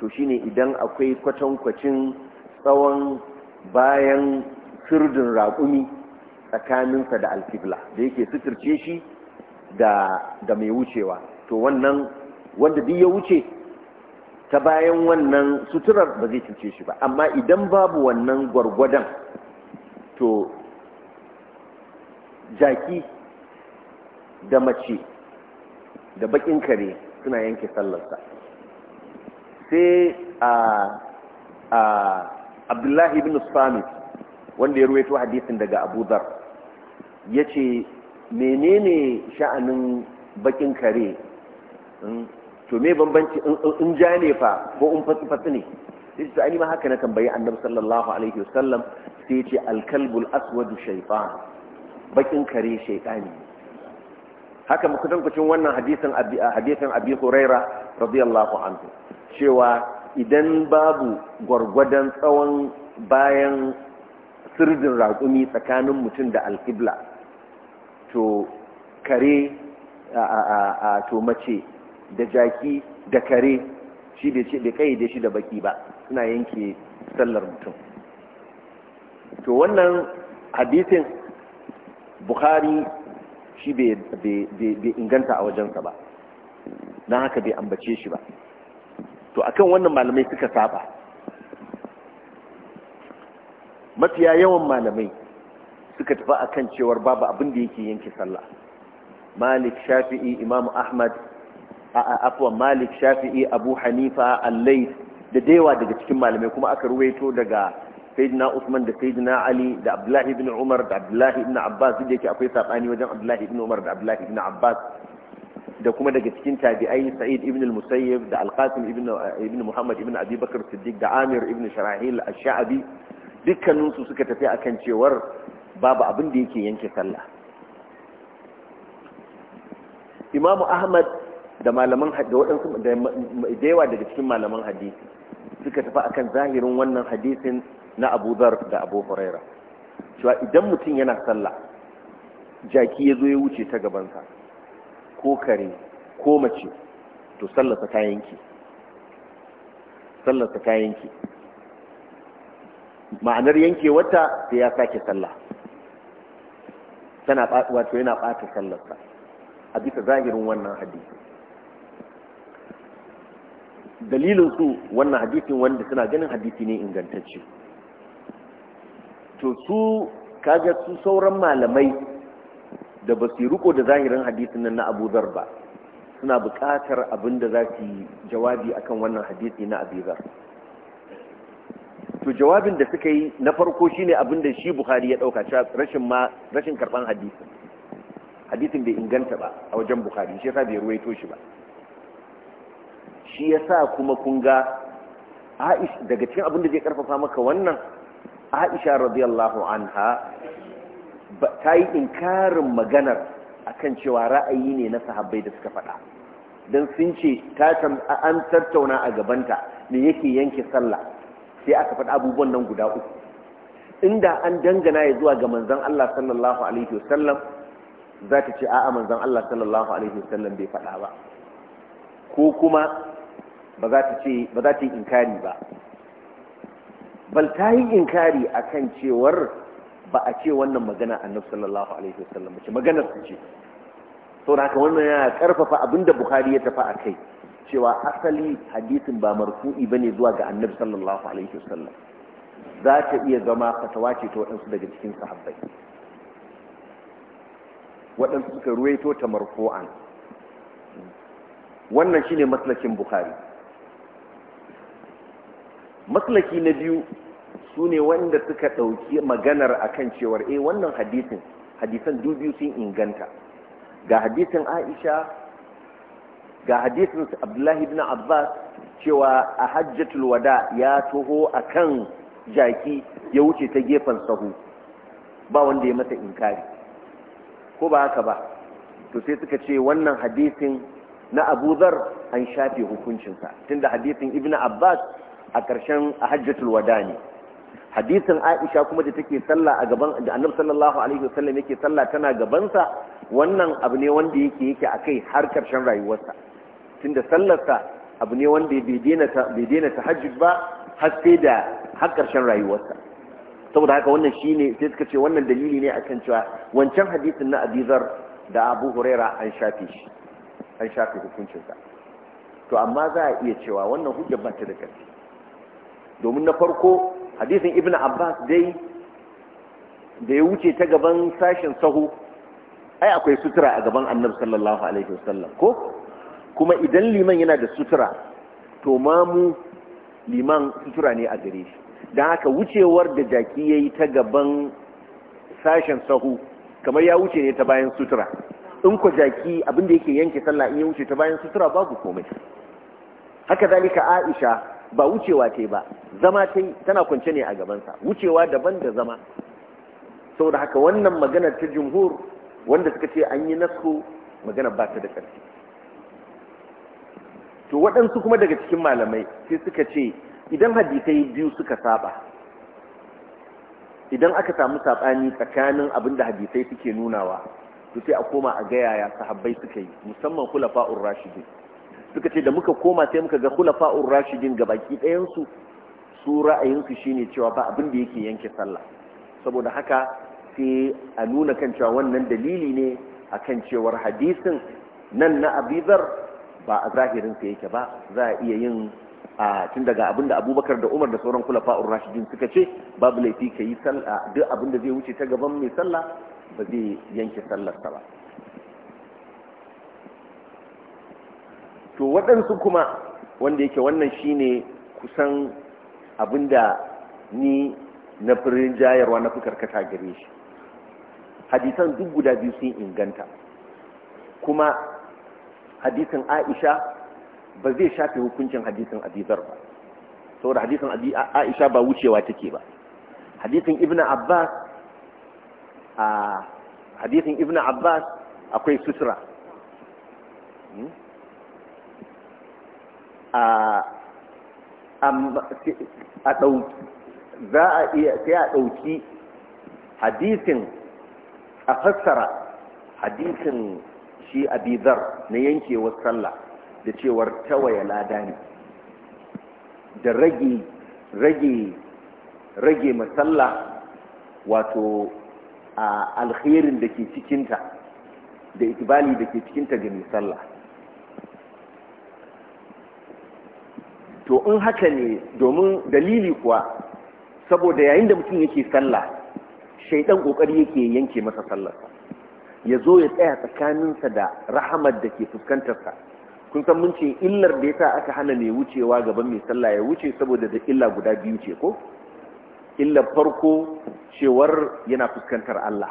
to shine idan akwai kwatankwacin tsawon bayan firdin raƙumi tsakaninsa da alkibla da yake suturce shi da mai wucewa to wannan wanda duk ya wuce ta bayan wannan suturar ba zai cuce shi ba amma idan babu wannan gwargwadon to jaki da mace da bakin kare suna yanke sallarsa sai a abdullahi bin sami wanda ya ruwaito hadisin daga abu ya yace menene sha'anin bakin kare hmm? to me bambanci in ja ne fa ko in fatsi fatsi ne sai ta ma haka na tambayi annabi sallallahu alaihi wasallam sai yace alkalbul aswadu shaytan bakin kare shaytani haka mukudan kucin wannan hadisin hadisin abi hurairah radiyallahu anhu cewa idan babu gwargwadon tsawon bayan sirjin raƙumi tsakanin mutum da alƙibla to kare a to mace da jaki da kare shi da ce da kai da shi da baki ba suna yanke sallar mutum to wannan hadisin Buhari shi bai inganta a wajensa ba na haka bai ambace shi ba to akan wannan malamai suka saba mafiya yawan malamai suka tafi akan cewar babu abin da yake yanke sallah malik shafi'i imam ahmad afwan malik shafi'i abu hanifa allai da daiwa daga cikin malamai kuma aka ruwaito daga sayyidina usman da sayyidina ali da abdullahi ibn umar da abdullahi ibn abbas da yake akwai sabani wajen abdullahi ibn umar da abdullahi ibn abbas da kuma daga cikin tabi'ai sa'id ibn al-musayyib da al-qasim ibn eh, muhammad ibn abi bakr siddiq da amir ibn sharahil ash-sha'bi dukkanin su suka tafi akan cewar babu abin da yake yanke sallah imamu ahmad da malaman da waɗansu da yawa daga cikin malaman hadisi suka tafi akan zahirin wannan hadisin na abu da abu huraira cewa idan mutum yana sallah jaki ya zo ya wuce ta gabansa ko kare ko mace to sallata kayanki sallata kayanki ma'anar yanke wata sai ya sake sallah tana wato yana ɓata sallarsa a bisa zahirin wannan hadisi dalilin su wannan hadisin wanda suna ganin hadisi ne ingantacce to su kaga su sauran malamai da ba su riko da zahirin hadisin nan na Abu zar ba suna buƙatar abin da za su yi jawabi akan wannan hadisi na Abu zar to jawabin da suka yi na farko shine abin da shi Bukhari ya ɗauka, cewa rashin ma rashin karban hadisin hadisin bai inganta ba a wajen Bukhari shi yasa bai ruwaito shi ba shi yasa kuma kun ga Aisha daga cikin abin da zai karfafa maka wannan Aisha radiyallahu anha ta yi inkarin maganar akan cewa ra'ayi ne na sahabbai da suka faɗa don sun ce an tattauna a gabanta me yake yanke sallah sai aka faɗa abubuwan nan guda uku inda an dangana ya zuwa ga manzan Allah sallallahu alaihi wasallam za ta ce a'a manzan Allah sallallahu alaihi wasallam bai faɗa ba ko kuma ba za ta yi inkari ba bal ta yi inkari akan cewar ba a ce wannan magana annabi sallallahu alaihi wasallam ce maganar su ce saboda haka wannan yana karfafa abinda bukhari ya tafi a kai cewa asali hadisin ba marfu'i ne zuwa ga annabi sallallahu alaihi wasallam za ta iya zama fatawa ce ta waɗansu daga cikin sahabbai waɗansu suka ruwaito ta marfu'an wannan shine maslakin bukhari maslaki na biyu su ne wanda suka ɗauki maganar akan cewar eh wannan hadisin hadisan dubiyu sun inganta ga hadisin aisha ga hadisin abdullahi ibn abbas cewa a hajjatul wada ya toho kan jaki ya wuce ta gefen sahu ba wanda ya mata inkari ko ba haka ba to sai suka ce wannan hadisin na abu an shafe hukuncinsa tunda hadisin ibn abbas a ƙarshen a hajjatul wada ne hadisin Aisha kuma da take sallah a gaban da Annabi sallallahu alaihi wasallam yake sallah tana gabansa wannan abu ne wanda yake yake akai har karshen rayuwarsa tunda sallarsa abu ne wanda bai daina bai daina tahajjud ba har sai da har karshen rayuwarsa saboda haka wannan shine sai suka ce wannan dalili ne akan cewa wancan hadisin na Abizar da Abu Huraira an shafe shi an shafe hukuncinsa to amma za a iya cewa wannan hujja ba ta da ƙarfi domin na farko hadisin ibn abbas dai da ya wuce ta gaban sashen sahu ai akwai sutura a gaban annabi sallallahu alaihi wasallam ko kuma idan liman yana da sutura to mamu liman sutura ne a gare shi don haka wucewar da jaki ya yi ta gaban sashen sahu kamar ya wuce ne ta bayan sutura in ku jaki abinda yake yanke sallah in ya wuce ta bayan sutura babu komai haka zalika aisha ba wucewa ta ba zama ta tana kwance ne a gabansa wucewa daban da zama saboda haka wannan maganar ta jumhur wanda suka ce an yi nasko maganar ba ta da ƙarfi to waɗansu kuma daga cikin malamai sai suka ce idan hadisai biyu suka saba idan aka samu saɓani tsakanin abin da hadisai suke nunawa to sai a koma a ga yaya sahabbai suka yi musamman kulafa'ur rashidin suka ce da muka koma sai muka ga khulafa'ur rashidin gabaki ɗayan su su ra'ayinsu shine cewa ba abin da yake yanke sallah saboda haka sai a nuna kan cewa wannan dalili ne a kan cewar hadisin nan na abizar ba a zahirinsa yake ba za a iya yin a tun daga abin da abubakar da umar da sauran kulafa'ur rashidin suka ce babu laifi ka yi sallah duk abin da zai wuce ta gaban mai sallah ba zai yanke sallarsa ba to waɗansu kuma wanda yake wannan shine kusan abinda ni na firin jayarwa na fi karkata gare shi hadisan duk guda biyu sun inganta kuma hadisin aisha ba zai shafe hukuncin hadisin abizar ba saboda hadisin aisha ba wucewa take ba hadisin ibn abbas a hadisin ibn abbas akwai sutura hmm? a za a iya sai a ɗauki hadisin a fassara hadisin shi abizar na yankewar sallah da cewar tawaye lada ne da rage rage rage masalla wato a alherin da ke cikinta da ikibali da ke cikinta ga misalla to in haka ne domin dalili kuwa saboda yayin da mutum yake sallah shaidan kokari yake yanke masa sallarsa ya zo ya tsaya tsakaninsa da rahamar da ke fuskantarsa kun san mun ce illar da ya sa aka hana mai wucewa gaban mai sallah ya wuce saboda da illa guda biyu ce ko illar farko cewar yana fuskantar Allah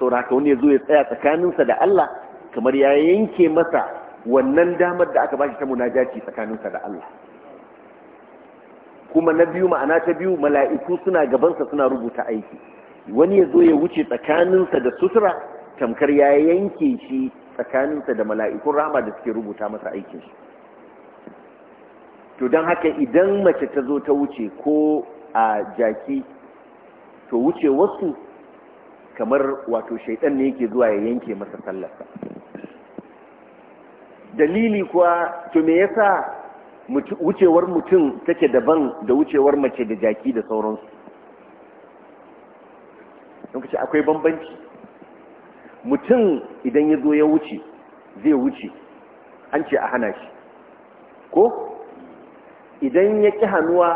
saboda haka wani ya zo ya tsaya tsakaninsa da Allah kamar ya yanke masa wannan damar da aka ba shi ta munajaci tsakaninsa da Allah kuma na biyu ma'ana ta biyu mala'iku suna gabansa suna rubuta aiki wani ya zo ya wuce tsakaninsa da sutura tamkar ya yanke shi tsakaninsa da mala'ikun rama da suke rubuta masa aikin shi to don haka idan mace ta zo ta wuce ko a jaki to wuce wasu kamar wato shaidan ne yake zuwa ya yanke masa sallarsa dalili kuwa to me yasa wucewar mutum take daban da wucewar mace da jaki da sauransu don kace akwai bambanci mutum idan ya zo ya wuce zai wuce an ce a hana shi ko idan ya ƙi hannuwa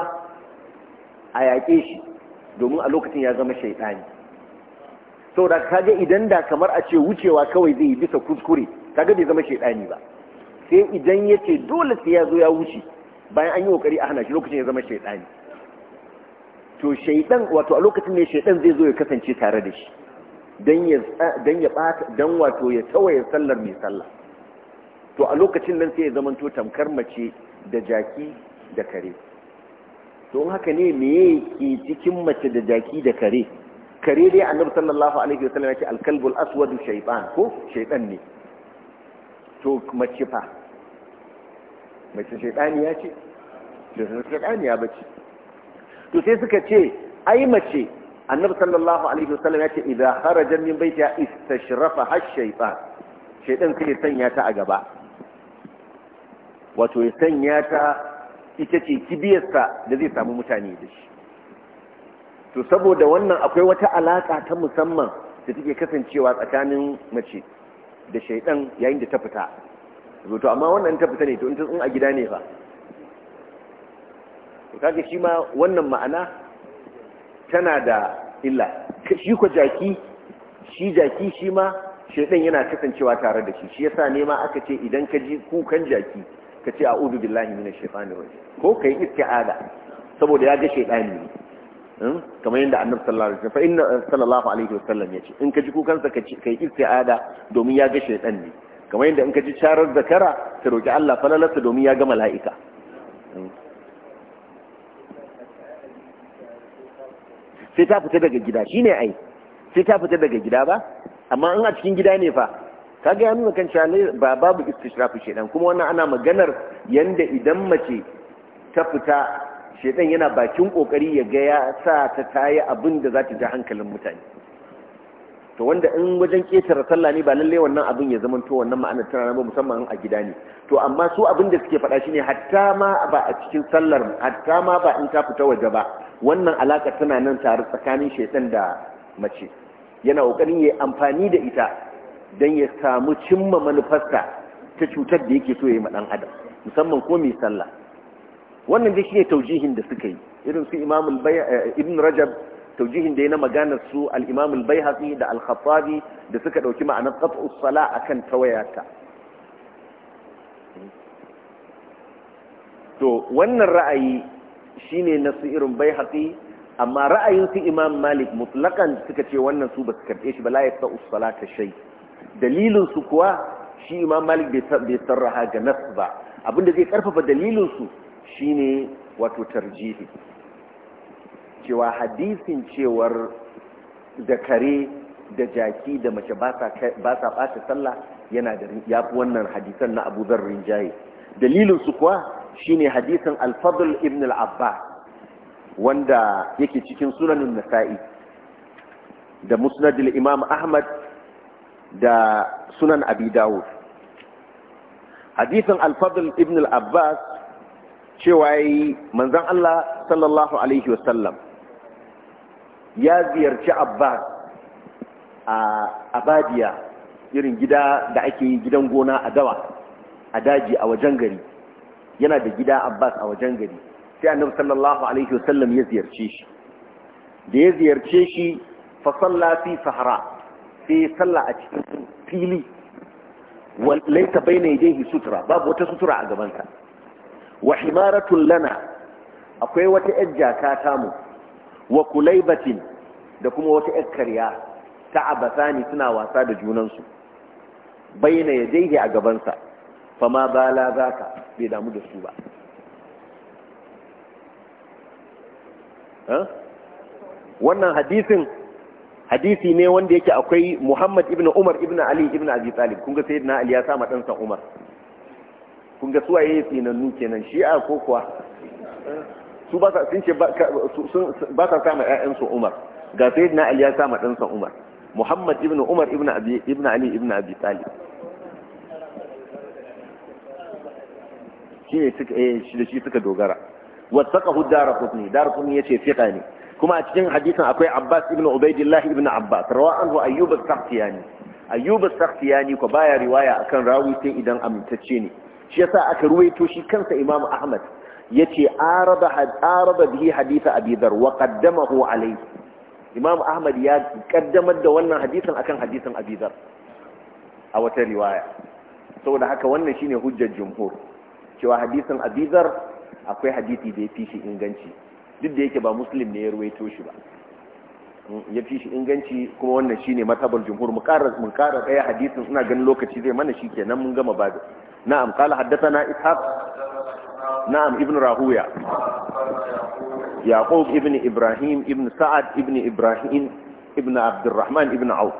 a yaƙe shi domin a lokacin ya zama shaiɗani saboda kaga idan da kamar a ce wucewa kawai zai yi bisa kuskure kaga bai zama shaiɗani ba sai idan ya ce dole sai ya zo ya wuce bayan an yi kokari a hana shi lokacin ya zama shaidani to shaidan wato a lokacin ne shaidan zai zo ya kasance tare da shi don ya wato ya tawaye sallar mai sallah to a lokacin nan sai ya zama to tamkar mace da jaki da kare to in haka ne me yake cikin mace da jaki da kare kare dai annabi sallallahu alaihi wasallam ya ce alkalbul aswadu shaytan ko shaytan ne to mace fa mace ya ce shaidaniya ya bace? to sai suka ce ai mace annabi sallallahu alaihi wasallam ya ce idan harajan min baitiha istashrafa har shaifa shaidan sai sanya ta a gaba wato ya sanya ta ita ce kibiyarsa da zai samu mutane da shi to saboda wannan akwai wata alaka ta musamman da take kasancewa tsakanin mace da shaidan yayin da ta fita to amma wannan ta fita ne to in a gida ne fa to kaga shi ma wannan ma'ana tana da illa shi ko jaki shi jaki shi ma shaidan yana kasancewa tare da shi shi yasa ne ma aka ce idan ka ji kukan jaki ka ce a'udhu billahi minash shaitanir rajim ko kai ada, saboda ya ga shaidani ne Hmm? kamar yadda annab sallallahu alaihi wasallam fa inna eh, sallallahu alaihi wasallam yace in ka ji kukansa ka kai isti'ada domin ya ga shaytan ne kamar yadda in ka ji charar zakara ka roki Allah falalarsa domin ya ga mala'ika hmm? sai ta fita daga gida shine ai sai ta fita daga gida ba amma in a cikin gida ne fa kaga ya nuna kan cewa ba babu istishrafu shaytan kuma wannan ana maganar yanda idan mace ta fita shedan yana bakin kokari ya ga ya sa ta tayi abin da za ji hankalin mutane to wanda in wajen ketare sallah ne ba lalle wannan abin ya zama to wannan ma'anar tana ba musamman a gida ne to amma su abin da suke faɗa shine hatta ma ba a cikin sallar hatta ma ba in ta fita waje ba wannan alaka tana nan tare tsakanin shedan da mace yana kokarin yayi amfani da ita dan ya samu cimma manufarsa ta cutar da yake so yayi ma dan adam musamman ko mai sallah wannan dai shine taujihin da suka yi irin su imam eh, ibn rajab taujihin da ya na maganar su al-imam al-baihaqi da al-khattabi da suka dauki ma'anar qat'u sala akan tawayata to wannan ra'ayi shine na su irin baihaqi amma ra'ayin su imam malik mutlakan suka ce wannan su ba su karbe shi ba la usala salata shay dalilin su kuwa shi imam malik bai sarraha ga nas ba abinda zai karfafa dalilin su shine wato tarjihi cewa hadisin cewar da kare da jaki da mace ba sa ɓata sallah yana da ya fi wannan hadisan na abu rinjaye dalilin su kuwa shine hadisin alfadul ibn Abba wanda yake cikin sunanin nasa'i da musnadul imam ahmad da sunan abi dawud hadisin alfadul ibn Abbas. cewa ya yi manzan Allah sallallahu Alaihi wasallam ya ziyarci Abbas a Abadiya irin gida da ake yi gidan gona a dawa a daji a wajen gari yana da gida Abbas a wajen gari sai annabi sallallahu Alaihi wasallam ya ziyarce shi da ya ziyarce shi fasalla fi sahara sai ya salla a cikin fili laita bai na sutura babu wata sutura a gabansa wa himaratun lana akwai wata ‘yar jaka mu wa kulaibatin da kuma wata ‘yar karya ta abasani suna wasa da junansu bayyana ya daidai a gabansa fama bala za bai damu da su ba wannan hadisin hadisi ne wanda yake akwai muhammad ibn umar ibn ali ibn abi talib kun ga sayyidina ali ya sa ma ɗansa umar kun ga suwaye tsinannu kenan shi'a ko kuwa su ba sa sun ce ba sa sama ƴaƴansu Umar ga sayyidina Ali ya sama ɗansa Umar Muhammad ibn Umar ibn Abi ibn Ali ibn Abi Talib shi ne suka eh shi da shi suka dogara wattaqahu darqutni darqutni yace fiqa ne kuma a cikin hadisin akwai Abbas ibn Ubaidillah ibn Abbas rawa anhu Ayyub as-Sakhtiyani Ayyub as-Sakhtiyani ko baya riwaya akan rawi sai idan amintacce ne shi yasa aka ruwaito shi kansa Imam Ahmad yace arada arada bihi hadith Abi Dharr wa qaddamahu alayhi Imam Ahmad ya kaddamar da wannan hadisin akan hadisin Abi Dharr a wata riwaya saboda haka wannan shine hujjar jumhur cewa hadisin Abi Dharr akwai hadisi da fi shi inganci duk da yake ba Muslim ne ya ruwaito shi ba ya fi shi inganci kuma wannan shine matabar jumhur mu mun ƙara ɗaya hadisin suna ganin lokaci zai mana shi kenan mun gama babu na'am qala na ishaq na'am ibn rahuya yaqub ibn ibrahim ibn sa'ad ibn ibrahim ibn abdurrahman ibn auf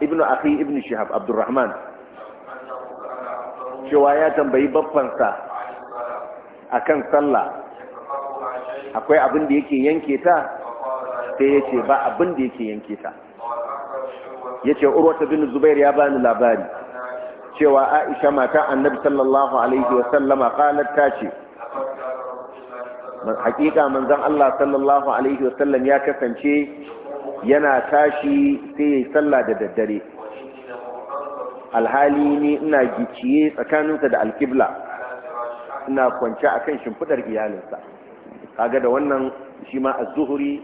ibn akhi ibn shihab abdurrahman cewa ya tambayi babbansa akan sallah akwai abin da yake yanke ta sai ya ce ba abin da yake yanke ta ya ce urwata bin zubair ya bani labari cewa aisha mata annabi sallallahu alaihi wasallama kalar ta ce hakika manzan allah sallallahu alaihi sallam ya kasance yana tashi sai ya salla sallah da daddare alhali ne ina giciye tsakaninsa da alkibla ina kwance akan shimfidar iyalinsa kaga da wannan shi ma az-zuhri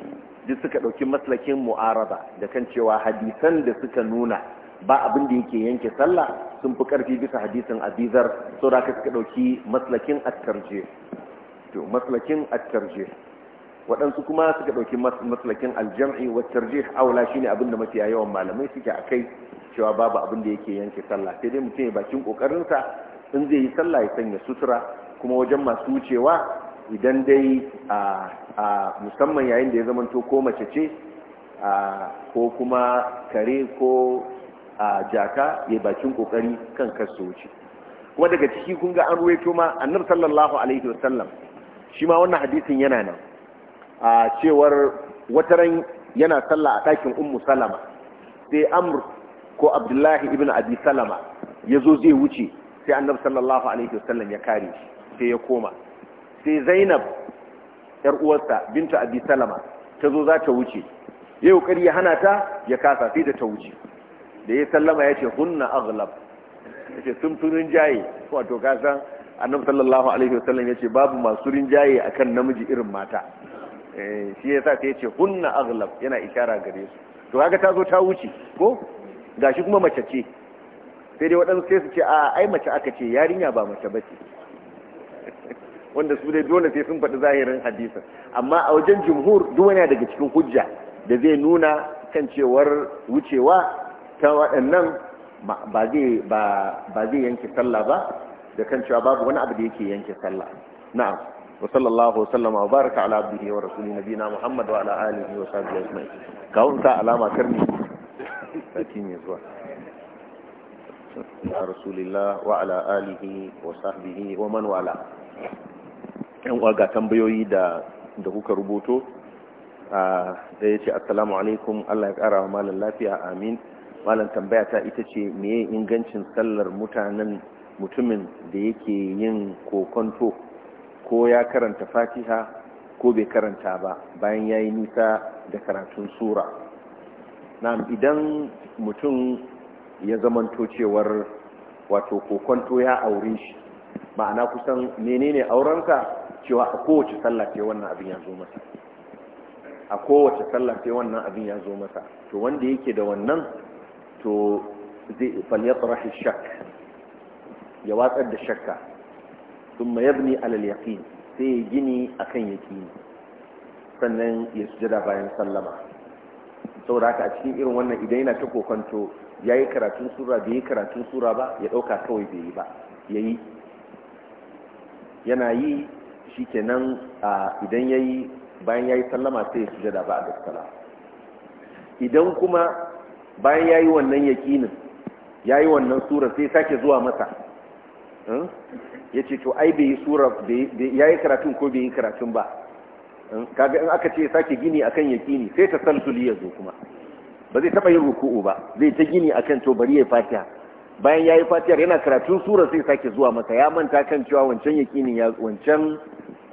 duk suka dauki maslakin mu'araba da kan cewa hadisan da suka nuna ba abin da yake yanke sallah sun fi karfi bisa hadisin abizar saboda ka suka dauki maslakin at-tarjih to maslakin at-tarjih waɗansu kuma suka ɗauki maslakin aljam'i wa tarjih aula shine abin da mafi yawan malamai suke akai cewa babu abin da yake yanke sallah sai dai mutum ya bakin ƙoƙarinsa in zai yi sallah ya sanya sutura kuma wajen masu wucewa idan dai a musamman yayin da ya zamanto ko mace ce ko kuma kare ko a jaka ya bakin kokari kan kasu wuce kuma daga ciki kun ga an ruwaito ma annabi sallallahu alaihi wasallam shi ma wannan hadisin yana nan a cewar ran yana sallah a ɗakin ummu salama sai amr ko abdullahi ibn abi salama ya zo zai wuce sai annab sallallahu alaihi wasallam ya kare shi sai ya koma sai zainab yar uwarsa binta abi salama ta zo za ta wuce ya ƙari ya hana ta ya kasa sai da ta wuce da ya sallama ya ce hunna aghlab ya ce sun fi rinjaye wato kasan annab sallallahu alaihi wasallam ya ce babu masu rinjaye akan namiji irin mata eh, shi ya sa ta ya ce hunna aghlab yana ishara gare su to kaga ta zo ta wuce ko gashi kuma mace ce sai dai waɗansu sai su ce a ai mace aka ce yarinya ba mace ba ce. wanda su dai dole sai sun faɗi zahirin hadisin amma a wajen jumhur duk wani daga cikin hujja da zai nuna kan cewar wucewa ta waɗannan ba zai ba zai yanke sallah ba da kan cewa babu wani abu da yake yanke sallah na'am wa sallallahu wa sallama wa baraka ala abdihi wa rasuli nabina muhammad wa ala alihi wa sahbihi ajma'in ka sa alama karni sati ne zuwa wa ala alihi wa sahbihi wa man wala yan uwa ga tambayoyi da kuka rubuto da ah, ya ce assalamu alaikum Allah ya kara wa malam lafiya amin malam tambaya ta ita ce meye ingancin sallar mutanen mutumin da yake yin kokonto ko ya karanta fatiha ko bai karanta ba bayan ya yi nisa da karatun sura na'am idan mutum ya zamanto cewar wato kokonto ya aure shi ma'ana kusan menene aurenka cewa a kowace sallah sai wannan abin ya zo masa a kowace sallah sai wannan abin ya zo masa to wanda yake da wannan to zai tsarashi shak ya watsar da shakka sun yabni alal sai ya gini akan yaqini sannan ya sujada bayan sallama saboda haka a cikin irin wannan idan yana ta kokonto ya yi karatun sura bai yi karatun sura ba ya ɗauka kawai bai yi ba ya yi, yana yi a idan ya yi bayan ya yi sallama sai ya sujada ba da salam idan kuma bayan ya yi wannan yakinin ya yi wannan sura sai sake zuwa masa hmm? ce to ai bai yi sura yi karatun ko bai yi karatun ba hmm? kaga in aka ce sake gini akan yakini sai ta salsuli ya zo kuma ba zai taba yin ruku'u ba zai ta gini akan to bari ya fatiha bayan ya yi fatiyar yana karatun sura sai sake zuwa masa ya manta kan cewa wancan yakinin ya wancan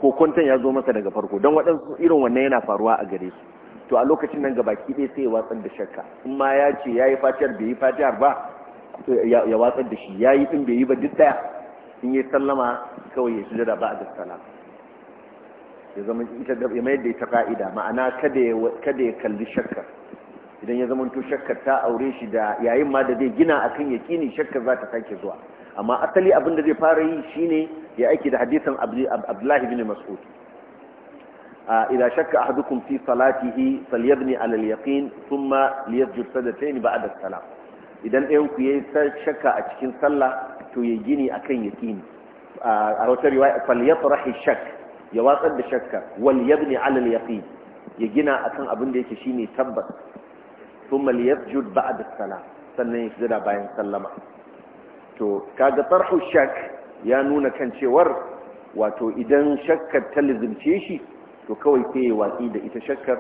kokonton ya zo masa daga farko don waɗansu irin wannan yana faruwa a gare su to a lokacin nan gabaki ɗaya sai ya watsar da shakka in ma ya ce ya yi fatiyar bai yi fatiyar ba ya watsar da shi ya yi ɗin bai yi ba duk ɗaya in yi sallama kawai ya sujada ba a da salama ya zama ita da ya mayar da ita ka'ida ma'ana kada ya kalli shakkar idan ya zamanto shakkar ta aure shi da yayin ma da zai gina akan yakini shakkar za ta sake zuwa amma asali abin da zai fara yi shine ya aiki da hadisin Abdullahi bin Mas'ud idan shakka ahadukum fi salatihi falyabni ala al-yaqin thumma liyasjud sadatayn ba'da as-salam idan ɗayan ku yayi shakka a cikin sallah to ya gini akan a wata riwaya falyatrah ash-shakk ya watsar da shakka wal yabni ala al-yaqin ya gina akan abin da yake shine tabbas thumma liyasjud ba'da salam sannan ya da bayan sallama to kaga tarhu shak ya nuna kan cewar wato idan shakkar ta lizimce shi to kawai sai ya watsi da ita shakkar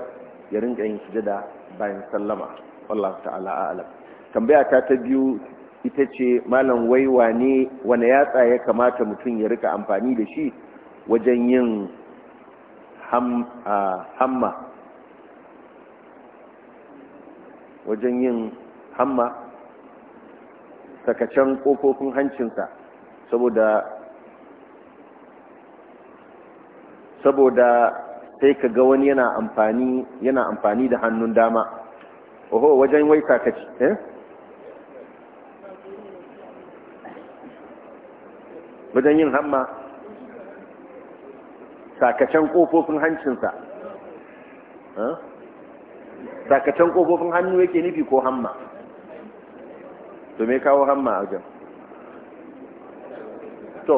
ya rinka yin sujada bayan sallama wallahu ta'ala a'lam tambaya ta ta biyu ita ce malam wai wane wane yatsa ya kamata mutum ya rika amfani da shi wajen yin hamma wajen yin hamma sakacen ƙofofin hancinsa saboda saboda sai ka ga wani yana amfani yana amfani da hannun dama oho wajen wai sakaci eh wajen yin hamma sakacen ƙofofin hancinsa eh sakatan kofofin hannu yake nufi ko hamma to me kawo hamma a jan. to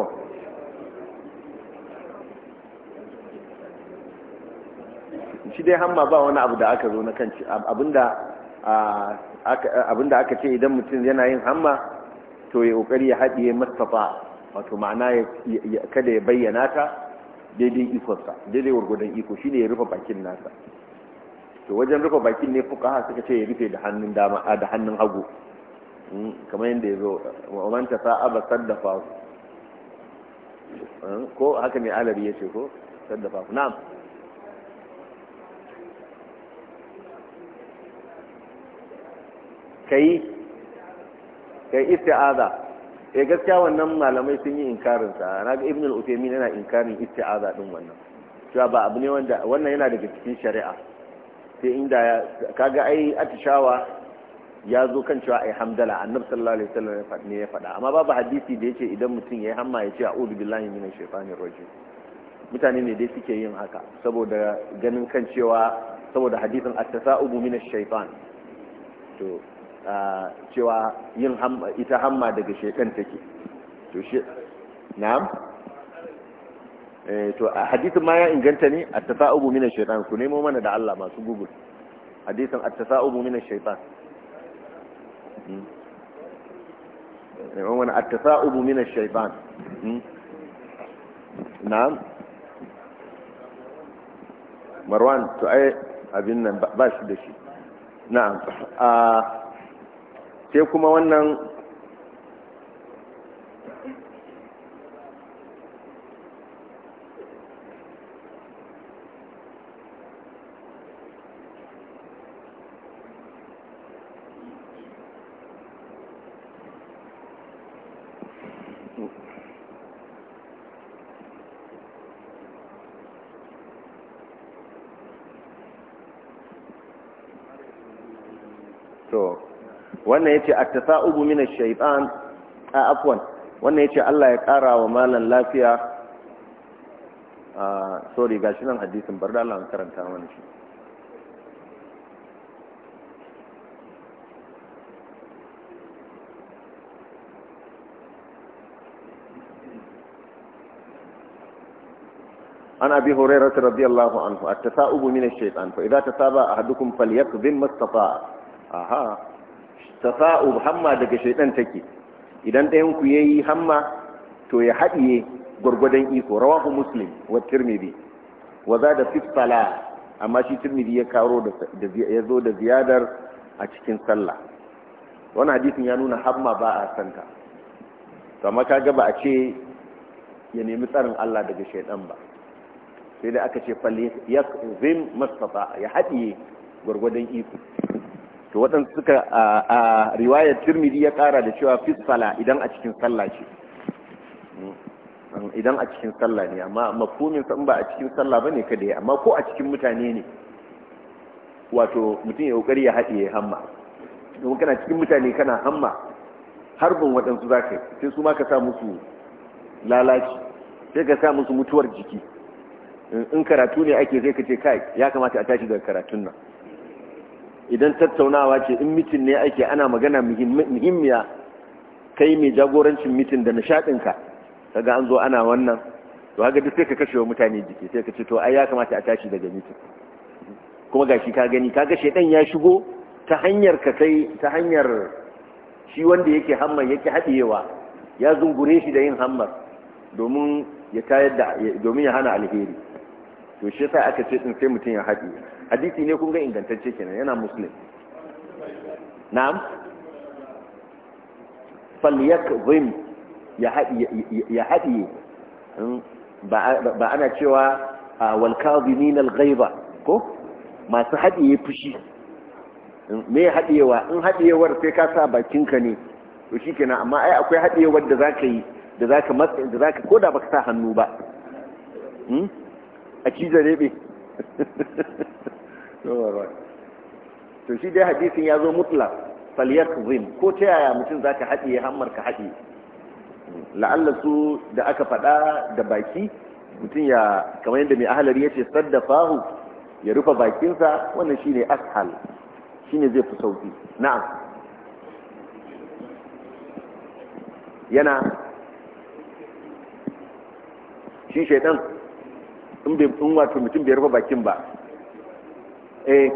shi dai hamma ba wani abu da aka zo na kanci abinda aka ce idan mutum yana yin hamma to ya kokari ya haɗiye Mustapha wato ma'ana kada ya bayyana ta daidai ikonsa daidai wargwadon iko shi ne ya rufe bakin nasa to wajen rufe bakin ne ha suka ce ya rufe da hannun dama da hannun hagu hmm, kamar yadda ya zo wa man tasa'aba saddafa hmm, ko haka ne alabi ya ce ko saddafa na'am kai kai isti'aza eh gaskiya wannan malamai sun yi inkarin sa na ga ibnu al-utaymin yana inkarin isti'aza din wannan cewa ba abu ne wanda wannan yana daga cikin shari'a sai inda kaga ai atishawa ya zo kan cewa ai hamdala annabi sallallahu alaihi wasallam ne ya faɗa amma babu hadisi da yace idan mutum yayi hamma ya ce a'udhu billahi minash shaitanir rajim mutane ne dai suke yin haka saboda ganin kan cewa saboda hadisin at-tasa'ubu minash shaitan to cewa yin ita hamma daga shaitan take to shi na'am Eh, to a hadisin ma ya inganta ne a tasaubu minan shaitan ku nemo mana da Allah masu google hadisin a tasaubu minan shaitan shaytan wani a tasaubu min ash hmm? hmm? na marwan to ai abin nan ba shi da shi a ah, sai kuma wannan to wannan yace at-tasa'ubu min ash-shaytan a afwan wannan yace Allah ya kara wa malan lafiya ah sorry gashi nan hadisin bar da Allah an karanta mana shi عن أبي هريرة رضي الله عنه التثاؤب من shaytan fa تثابى tasaba ahadukum falyakdhim استطاع aha safa'u hamma daga shaidan take idan ɗayan ku yayi hamma to ya haɗiye gwargwadon iko rawahu muslim wa tirmidhi wa zada fi amma shi tirmidhi ya karo ya zo da ziyadar a cikin sallah wannan hadisin ya nuna hamma ba a santa to amma kaga ba a ce ya nemi tsarin Allah daga shaidan ba sai da aka ce fal yakzim mastata ya haɗiye gwargwadon iko to waɗansu suka a riwayar tirmidhi ya ƙara da cewa fi sala idan a cikin sallah ce hmm. idan a cikin sallah ne amma makomin sa ba a cikin sallah bane kada ya amma ko a cikin mutane ne wato mutum ya kokari ya haɗe ya hamma domin kana cikin mutane kana hamma harbin waɗansu za ka sai su ma ka sa musu lalaci sai ka sa musu mutuwar jiki in karatu ne ake sai ka ce kai ya kamata a tashi daga karatun nan idan tattaunawa ce in mitin ne ake ana magana muhimmiya kai mai jagorancin mitin da nishaɗinka kaga an zo ana wannan to haka duk sai ka kashe wa mutane jiki sai ka ce to ai ya kamata a tashi daga mitin kuma gashi ka gani kaga shedan ya shigo ta hanyar ka kai ta hanyar shi wanda yake hammar yake haɗiyewa ya zungure shi da yin hammar domin ya tayar da domin ya hana alheri to shi sai aka ce din sai mutum ya haɗiye hadisi ne kun ga ingantacce kenan yana muslim na'am falyakzim ya haɗiye hmm, ba ana cewa walkazimin alghaiba ko masu haɗiye fushi hmm, me haɗiyewa in haɗiyewar sai ka sa bakinka ne to shi kenan amma ai akwai haɗiyewar da za ka yi da za ka matsa da zaka koda baka sa hannu ba hmm? a cizar rebe to shi dai hadisin ya zo mutla falyakzim ko ta yaya mutum za ka haɗiye hammar ka haɗiye la'allasu da aka faɗa da baki mutum ya kamar yadda mai ahalari ya ce fahu ya rufe bakinsa wannan ne ashal ne zai fi sauki na'am yana shi shaidan in wato mutum bai rufe bakin ba eh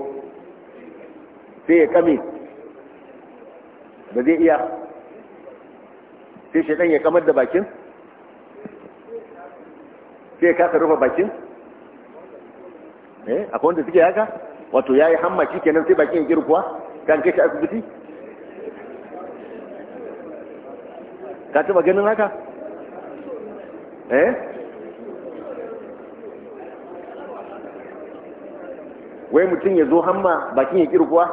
sai ya kame ba zai iya sai shaidan ya kamar da bakin sai ya kasa rufe bakin eh akwai wanda suke haka wato ya yi hammaci kenan sai bakin ya kuwa, kan kai shi asibiti ka taba ganin haka eh wai mutum ya zo hamma bakin ya kuwa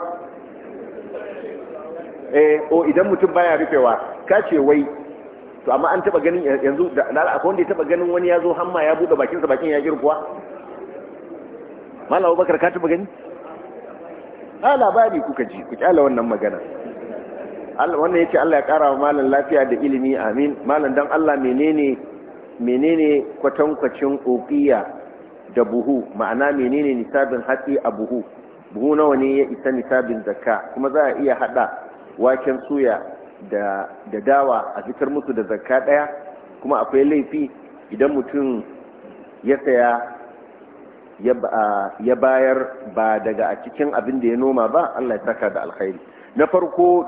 eh o idan mutum baya rufewa ka ce wai to amma an taba ganin yanzu da akwai wanda ya taba ganin wani ya zo hamma ya bude bakinsa bakin ya kuwa malawa Abubakar ka taba gani a labari kuka ji ku kyala wannan magana wannan yake Allah ya kara wa malam lafiya da ilimi amin malam dan Allah menene menene kwatankwacin ofiya da buhu ma'ana menene nisabin hatsi a buhu buhu nawa ne ya isa nisabin zakka kuma za a iya hada waken suya da da dawa a fitar musu da zakka daya kuma akwai laifi idan mutum ya saya ya bayar ba daga a cikin abin da ya noma ba Allah ya saka da alkhairi na farko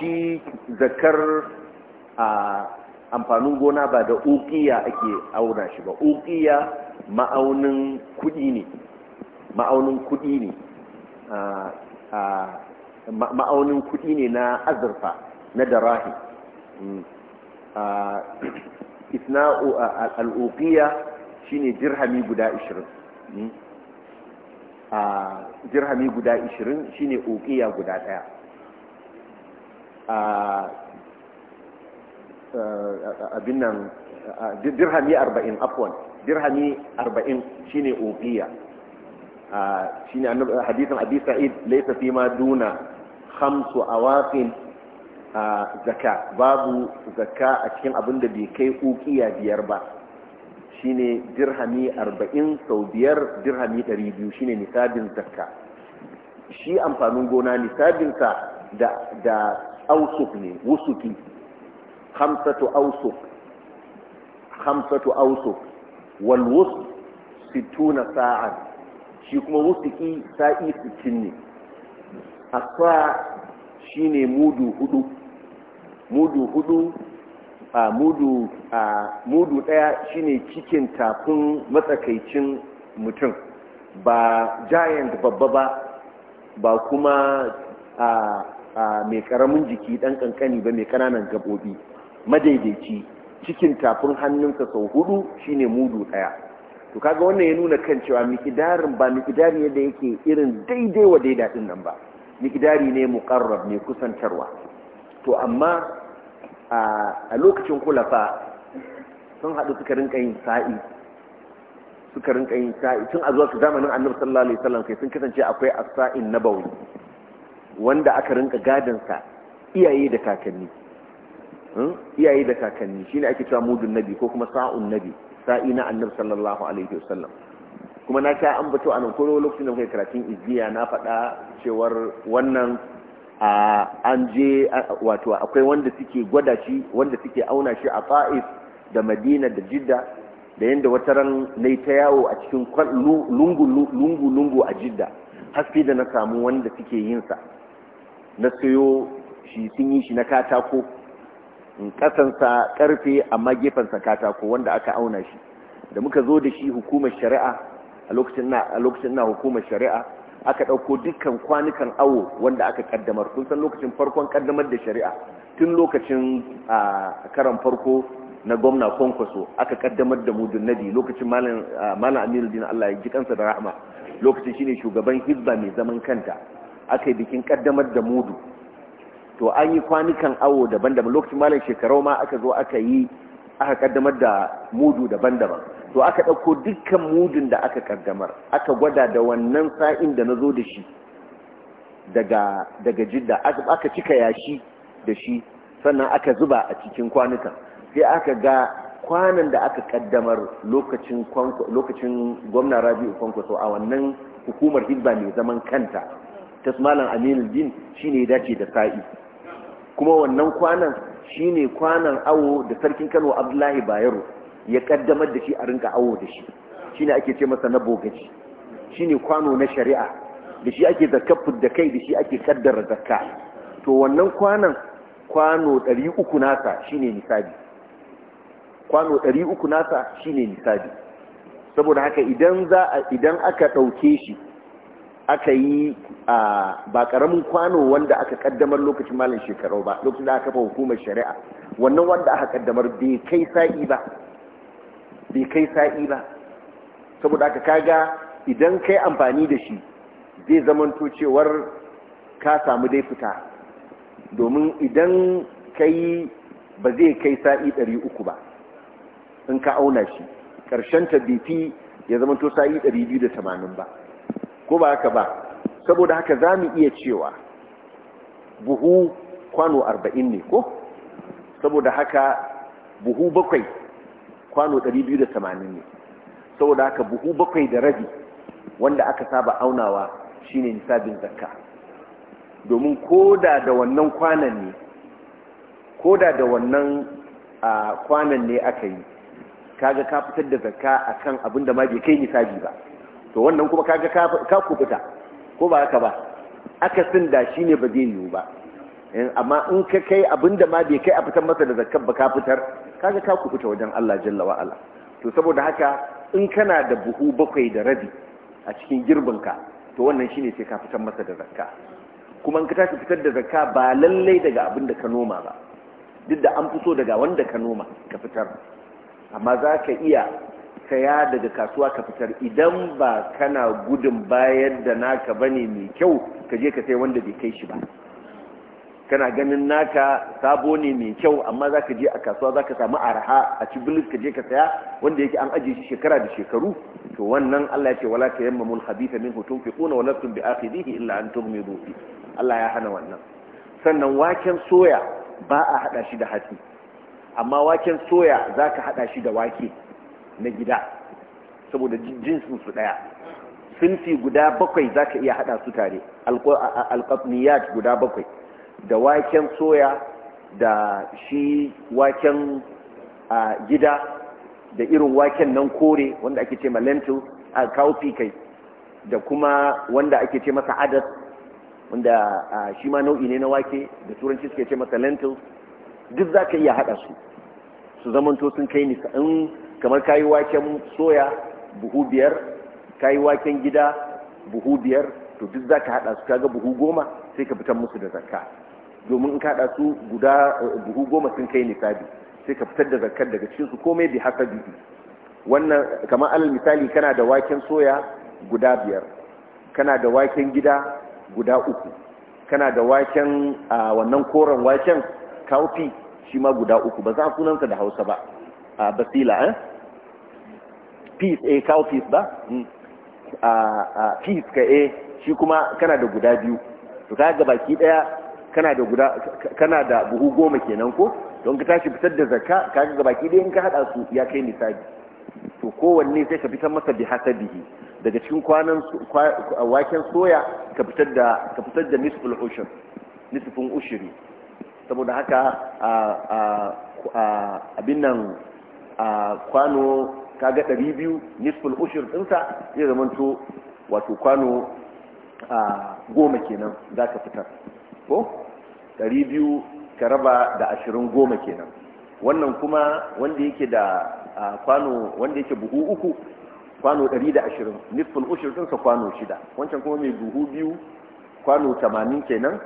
shi zakar amfanin gona ba da ukiya ake auna shi ba ukiya ma'aunin kudi ne ma'aunin kudi ne ah, ah, ma'aunin kudi ne na azurfa na darahi hmm. ah, isna'u al'ukiya shine dirhami guda 20 jirhami hmm. guda 20 shine ukiya guda daya Eh, abin nan eh, dirhami arba'in afwan dirhami arba'in shine ubiya ah, shine hadisin abi sa'id laysa fi ma duna khamsu awaqin ah, zakka babu zakka a cikin abinda bai kai ukiya biyar ba shine dirhami arba'in sau biyar dirhami ɗari biyu shine nisabin zakka shi amfanin gona nisabinsa da da ausuf ne wusuki خمسة awsuf خمسة awsuf wal ستون ساعة shi kuma wusiki sa'i شيني مودو asa مودو هدو a mudu a mudu daya shine cikin tafin matsakaicin mutum ba giant babba ba ba kuma a mai karamin jiki dan kankani ba mai kananan gabobi madaidaici cikin tafin hannunsa sau hudu shine mudu daya to kaga wannan ya nuna kan cewa mikidarin ba mikidari yadda yake irin daidai wa daida din nan ba mikidari ne muqarrab ne kusantarwa to amma a lokacin kulafa sun haɗu suka rinka yin sa'i suka rinka yin sa'i tun a zuwa zamanin annabi sallallahu alaihi wasallam kai sun kasance akwai as-sa'in nabawi wanda aka rinka gadansa iyaye da kakanni Hmm? iyaye da kakanni shine ake cewa mudun nabi ko kuma sa'un nabi sa'i na annabi sallallahu alaihi wasallam kuma na ta ambato a nan ko lokacin da muke karatun izziya na faɗa cewar wannan an je wato akwai wanda suke gwada shi wanda suke auna shi a fa'is da madina da jidda da yadda wata ran na ta yawo a cikin lungu-lungu a jidda haske da na samu wanda suke yinsa na sayo shi sun yi shi na katako kasansa karfe amma gefensa katako wanda aka auna shi da muka zo da shi hukumar shari'a a lokacin na a hukumar shari'a aka dauko dukkan kwanukan awo wanda aka kaddamar kun san lokacin farkon kaddamar da shari'a tun lokacin karan farko na gwamna kwankwaso aka kaddamar da mudun nabi lokacin malam aminu din Allah ya ji kansa da rahama lokacin shine shugaban hizba mai zaman kanta aka yi bikin kaddamar da mudu to an yi kwanukan awo daban-daban lokacin malam shekarau ma aka zo aka yi aka kaddamar da mudu daban-daban to aka ɗauko dukkan mudun da aka kaddamar aka gwada da wannan sa'in da na zo da shi daga jidda aka cika yashi da shi sannan aka zuba a cikin kwanukan sai aka ga kwanan da aka kaddamar lokacin gwamna rabi'u kwankwaso a wannan hukumar hizba mai zaman kanta tasmalan aminu din shine dace da sa'i kuma wannan kwanan shi ne kwanan awo da sarkin Kano Abdullahi Bayero ya kaddamar da shi a rinka awo da shi Shi ne ake ce masa na bogaji ne kwano na shari'a da shi ake zakafin da kai da shi ake kaddara zakka to wannan kwanan kwano 300 nasa shi ne nisabi kwano 300 nasa shi ne nisabi saboda haka idan za idan aka dauke shi aka yi a ba karamin kwano wanda aka kaddamar lokacin malin shekaru ba lokacin da aka kafa hukumar shari'a wannan wanda aka kaddamar bai kai sa'i ba bai kai sa'i ba saboda aka kaga idan kai amfani da shi zai zamanto cewar ka samu dai fita domin idan kai ba zai kai sa'i 300 ba in ka auna shi ƙarshen ta ya zamanto sa'i tamanin ba ko ba haka ba saboda haka za mu iya cewa buhu kwano arba'in ne ko saboda haka buhu bakwai kwano biyu da tamanin ne saboda haka buhu bakwai da rabi wanda aka saba aunawa shine nisabin zakka domin koda da wannan kwanan ne koda da wannan kwanan ne aka yi kaga ka fitar da zakka akan abin da ma bai kai nisabi ba to wannan kuma kaga ka kubuta ko ba haka ba akasin da shi ne ba zai yiwu ba eh, amma in ka kai abinda ma bai kai a fitar masa da zakka ba ka fitar kaga ka kubuta wajen Allah jalla wa ala to saboda haka in kana da buhu bakwai da rabi a cikin girbinka to wannan shine sai ka fitar masa da zakka kuma in ka tashi fitar da zakka ba lallai daga abin da ka noma ba duk da an fito daga wanda ka noma ka fitar amma za ka iya saya daga kasuwa ka fitar idan ba kana gudun bayar da naka bane mai kyau ka je ka sai wanda bai kai shi ba kana ganin naka sabo ne mai kyau amma za ka je a kasuwa za ka samu arha a cibilis ka je ka saya wanda yake an ajiye shi shekara da shekaru to wannan Allah ya ce wala ta yamma mul habitha min hutun fi kuna wala tun bi akhidihi illa an tughmidu fi Allah ya hana wannan sannan waken soya ba a hada shi da hatsi amma waken soya za ka hada shi da wake na gida saboda jinsin su daya sinfi guda bakwai za ka iya hada su tare alkafniyat guda bakwai da waken soya da shi waken gida da irin waken nan kore wanda ake ce ma lentil a cowpea kai da kuma wanda ake ce masa adas wanda shi ma nau'i ne na wake da turanci suke ce masa lentils duk za ka iya haɗa su su zamanto sun kai nisa in kamar kayi waken soya buhu biyar kayi waken gida buhu biyar to duk za ka haɗa su kaga buhu goma sai ka fitar musu da zakka domin in ka haɗa su guda buhu goma sun kai nisabi sai ka fitar da zakkar daga cikinsu komai bi haka bibi wannan kamar alal misali kana da waken soya guda biyar kana da waken gida guda uku kana da waken wannan koren waken kaufi shi ma guda uku ba za a sunansa da hausa ba a ah, basila eh peace eh cow peace ba hmm. a ah, ah, peace ka eh shi kuma kana da guda biyu to ka ga baki daya kana da guda kana da buhu goma kenan ko don ka tashi fitar da zakka ka ga baki daya in ka hada su ya kai misali to kowanne sai ka fitar masa bi hasabihi daga cikin kwanan waken soya ka fitar da ka fitar da nisful ushur nisfun ushuri saboda haka abin nan a kwano kaga 200 nisful ushur dinsa zai zamanto wato kwano a goma kenan za ka fitar ko 200 ka raba da 20 goma kenan wannan kuma wanda yake da kwano wanda yake buhu uku kwano 120 nisful ushur dinsa kwano shida wancan kuma mai buhu biyu kwano 80 kenan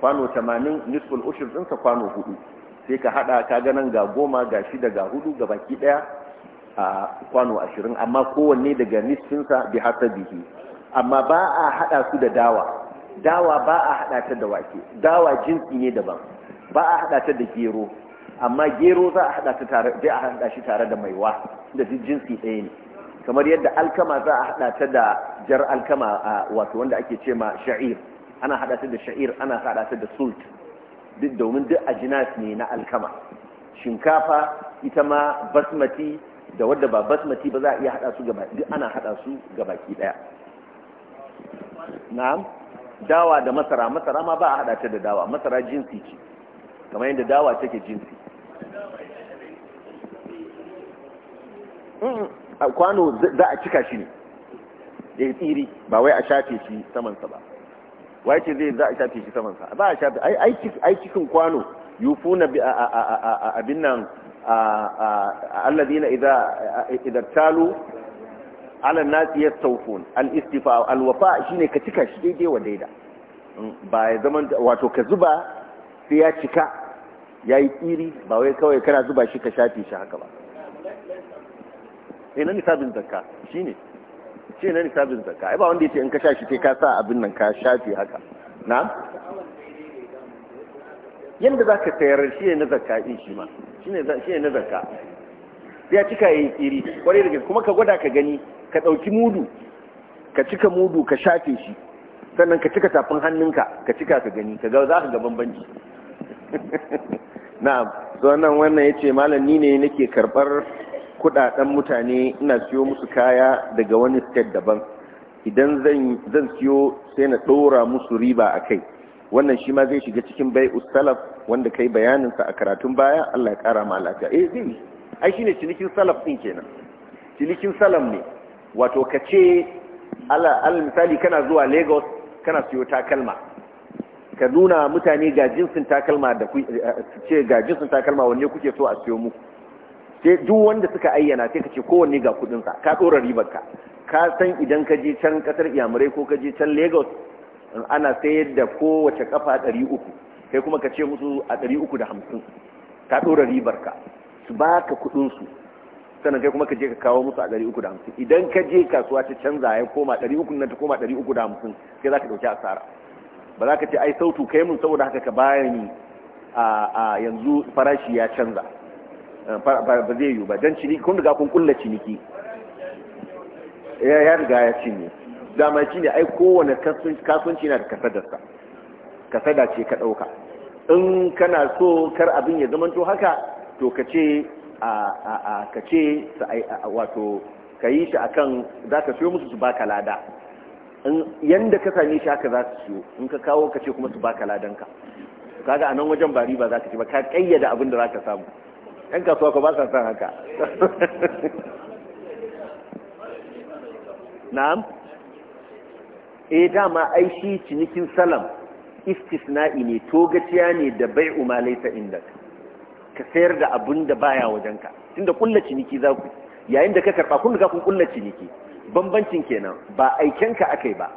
kwano 80 nisful ushur dinsa kwano hudu sai ka hada ka ganin ga goma ga shida ga hudu ga baki daya a kwano ashirin amma kowanne daga nisfinsa bi bihi amma ba a hada su da dawa dawa ba a hada ta da wake dawa jinsi ne daban ba a hada ta da gero amma gero za a hada ta tare da a hada shi tare da maiwa da jinsi ɗaya ne kamar yadda alkama za a hada ta da jar alkama wato wanda ake ce ma sha'ir ana hada ta da sha'ir ana hada ta da sult duk domin duk jinas ne na alkama shinkafa ita ma basmati da wadda ba basmati ba za a iya hada su gaba duk ana hada su gabaki daya na'am dawa da masara masara ma ba a hada ta da dawa masara jinsi ce kamar yadda dawa take jinsi kwano za a cika shi ne ya tsiri ba wai a shafe shi samansa ba wai ce zai za a shafi shi saman sa ba a shafi ai ai cikin kwano yufuna bi abin nan alladhina idza idza talu ala nasi yastawfun al-istifa al-wafa shine ka cika shi daidai wa daida mm, ba ya zaman wato ka zuba sai ya cika yayi tsiri ba wai kawai kana zuba shi ka shafi shi haka ba ina na nisabin zakka shine ce na nisabin zakka ai ba wanda ya ce in ka sha shi sai ka sa abin nan ka shafi haka na Yadda za ka sayar shi ne na zakka in shi ma shi ne na zakka ya cika yi kiri kwarai da kuma ka gwada ka gani ka dauki mudu ka cika mudu ka shafe shi sannan ka cika tafin hannunka ka cika ka gani ka ga za ka ga bambanci na'am so nan wannan ce malam ni ne nake karbar kudaden mutane ina siyo musu kaya daga wani state daban idan zan siyo sai na ɗora musu riba a kai wannan shi ma zai shiga cikin bai salaf wanda kai bayaninsa a karatun baya Allah ya kara ma lafiya eh zai ai shine cinikin salaf din kenan cinikin salam ne wato ka ce alal misali kana zuwa Lagos kana siyo takalma ka nuna mutane ga jinsin takalma da ku eh, eh, ce ga jinsin takalma wanne kuke so a siyo muku sai duk wanda suka ayyana sai ka ce kowanne ga kudinsa ka ɗora ribarka ka san idan ka je can kasar iyamurai ko ka je can lagos ana sayar da kowace kafa ɗari uku kai kuma ka ce musu a ɗari uku da hamsin ka ɗora ribarka su ba ka kudinsu sannan kai kuma ka je ka kawo musu a ɗari uku da hamsin idan ka je kasuwa ta canza ya koma ɗari uku nan ta koma ɗari uku da hamsin sai za ka ɗauki asara ba za ka ce ai sautu kai mun saboda haka ka bayani a yanzu farashi ya canza ba zai yiwu ba don ciniki kun daga kun kulla ciniki ya riga ya cinye dama shi ne ai kowane kasuwanci na da kasadarsa kasada ce ka ɗauka in kana so kar abin ya zamanto haka to ka ce a ka ce wato ka yi shi akan za ka siyo musu su baka lada yanda ka sami shi haka za su siyo in ka kawo ka ce kuma su baka ladanka kaga a nan wajen bari ba za ka ci ba ka kayyada abin da za ka samu yan kasuwa ko ba sa san haka na'am eh dama ai shi cinikin salam istisna'i ne togaciya ne da bai umalaita inda ka sayar da abun da baya wajenka tunda kulla ciniki za ku yayin da ka karba kun ka kun kulla ciniki bambancin kenan ba aikenka akai ba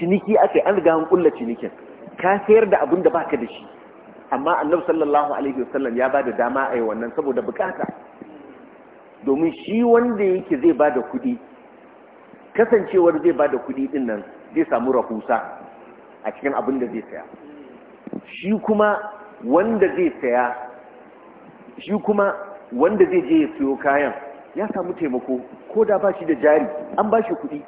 ciniki akai an riga an kulla cinikin ka sayar da abun da baka da shi amma annabi sallallahu alaihi wasallam ya ba da dama a yi wannan saboda bukata domin shi wanda yake zai bada kudi kasancewar zai bada kudi kuɗi nan zai samu rahusa a cikin abin da zai saya shi kuma wanda zai saya shi kuma wanda zai je ya siyo kayan ya samu taimako ko da ba shi da jari an ba shi kuɗi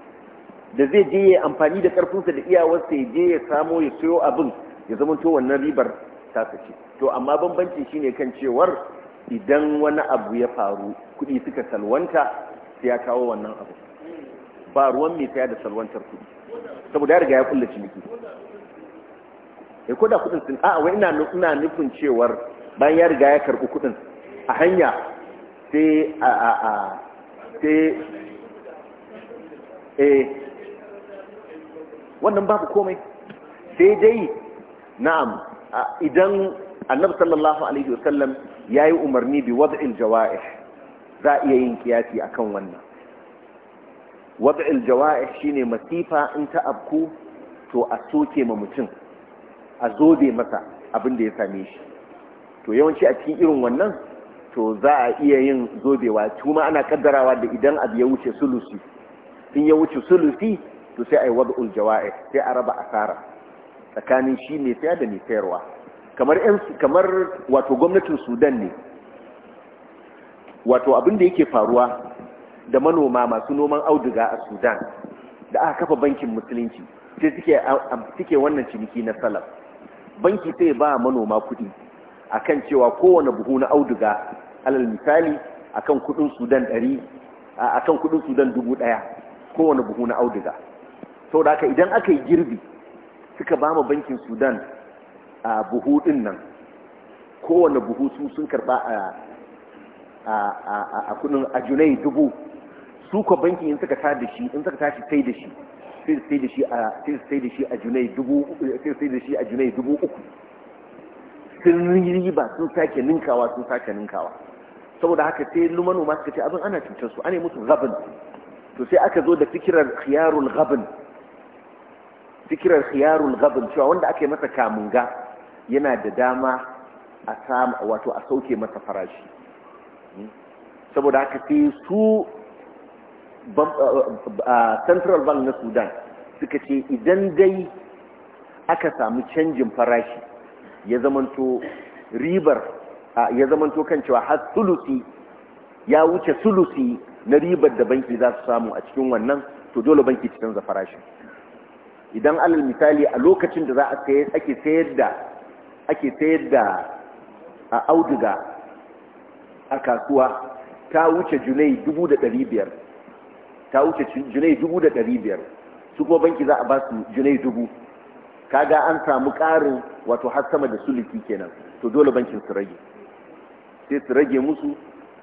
da zai je ya amfani da karfinsa da iyawarsa ya je ya samo ya siyo abin ya to wannan ribar taka ce to amma bambanci shine kan cewar idan wani abu ya faru kudi suka salwanta sai ya kawo wannan abu ba ruwan mai saya da salwantar kudi saboda ya riga ya kulla ciniki ya eh, koda kuɗin sun a wai ina nufin cewar bayan ya riga ya karɓi kuɗin a hanya sai a a a sai eh wannan babu komai sai dai na'am idan annabi sallallahu alaihi wasallam yayi umarni bi wad'il jawa'ih za iya yin kiyasi akan wannan wad'il jawa'ih shine masifa in ta abku to a soke ma mutum a zobe masa abin da ya same shi to yawanci a cikin irin wannan to za a iya yin zobewa kuma ana kaddarawa da idan abu ya wuce sulusi in ya wuce sulusi to sai a yi wad'ul jawa'ih sai a raba asara tsakanin shi mai saya da mai sayarwa kamar kamar wato gwamnatin sudan ne wato abinda yake faruwa da manoma masu noman auduga a sudan da aka kafa bankin musulunci sai suke suke wannan ciniki na salaf banki sai ba manoma kuɗi akan cewa kowane buhu na auduga alal misali akan kuɗin sudan akan kuɗin sudan dubu ɗaya kowane buhu na auduga sau da haka idan aka yi girbi suka ba mu bankin sudan a buhu din nan kowane buhu su sun karba a kudin ajunai dubu su ka bankin in suka ta da shi in suka tashi sai da shi sai da shi a sai da shi a junai dubu sai sai da shi a junai dubu uku sun riba sun sake ninkawa sun sake ninkawa saboda haka sai lumanu ma suka ce abin ana cutar su ana musu gabin to sai aka zo da fikirar khiyarul gabin fikirar khiyarul gabin cewa wanda aka yi masa kamunga yana da dama a samu wato a sauke masa farashi hmm? saboda aka sai su uh, uh, uh, central bank na sudan suka ce idan dai aka samu canjin farashi ya zamanto ribar ya zamanto kan cewa har sulusi ya wuce sulusi na ribar da banki za su samu a cikin wannan to dole banki cikin za farashin idan alal misali a lokacin da za a ake sayar da ake sayar da a auduga a kasuwa ta wuce junai 1500 ta wuce junai 1500 su kuma banki za a ba su junai 1000 kaga an samu karin wato har sama da suliki kenan to dole bankin su rage sai su rage musu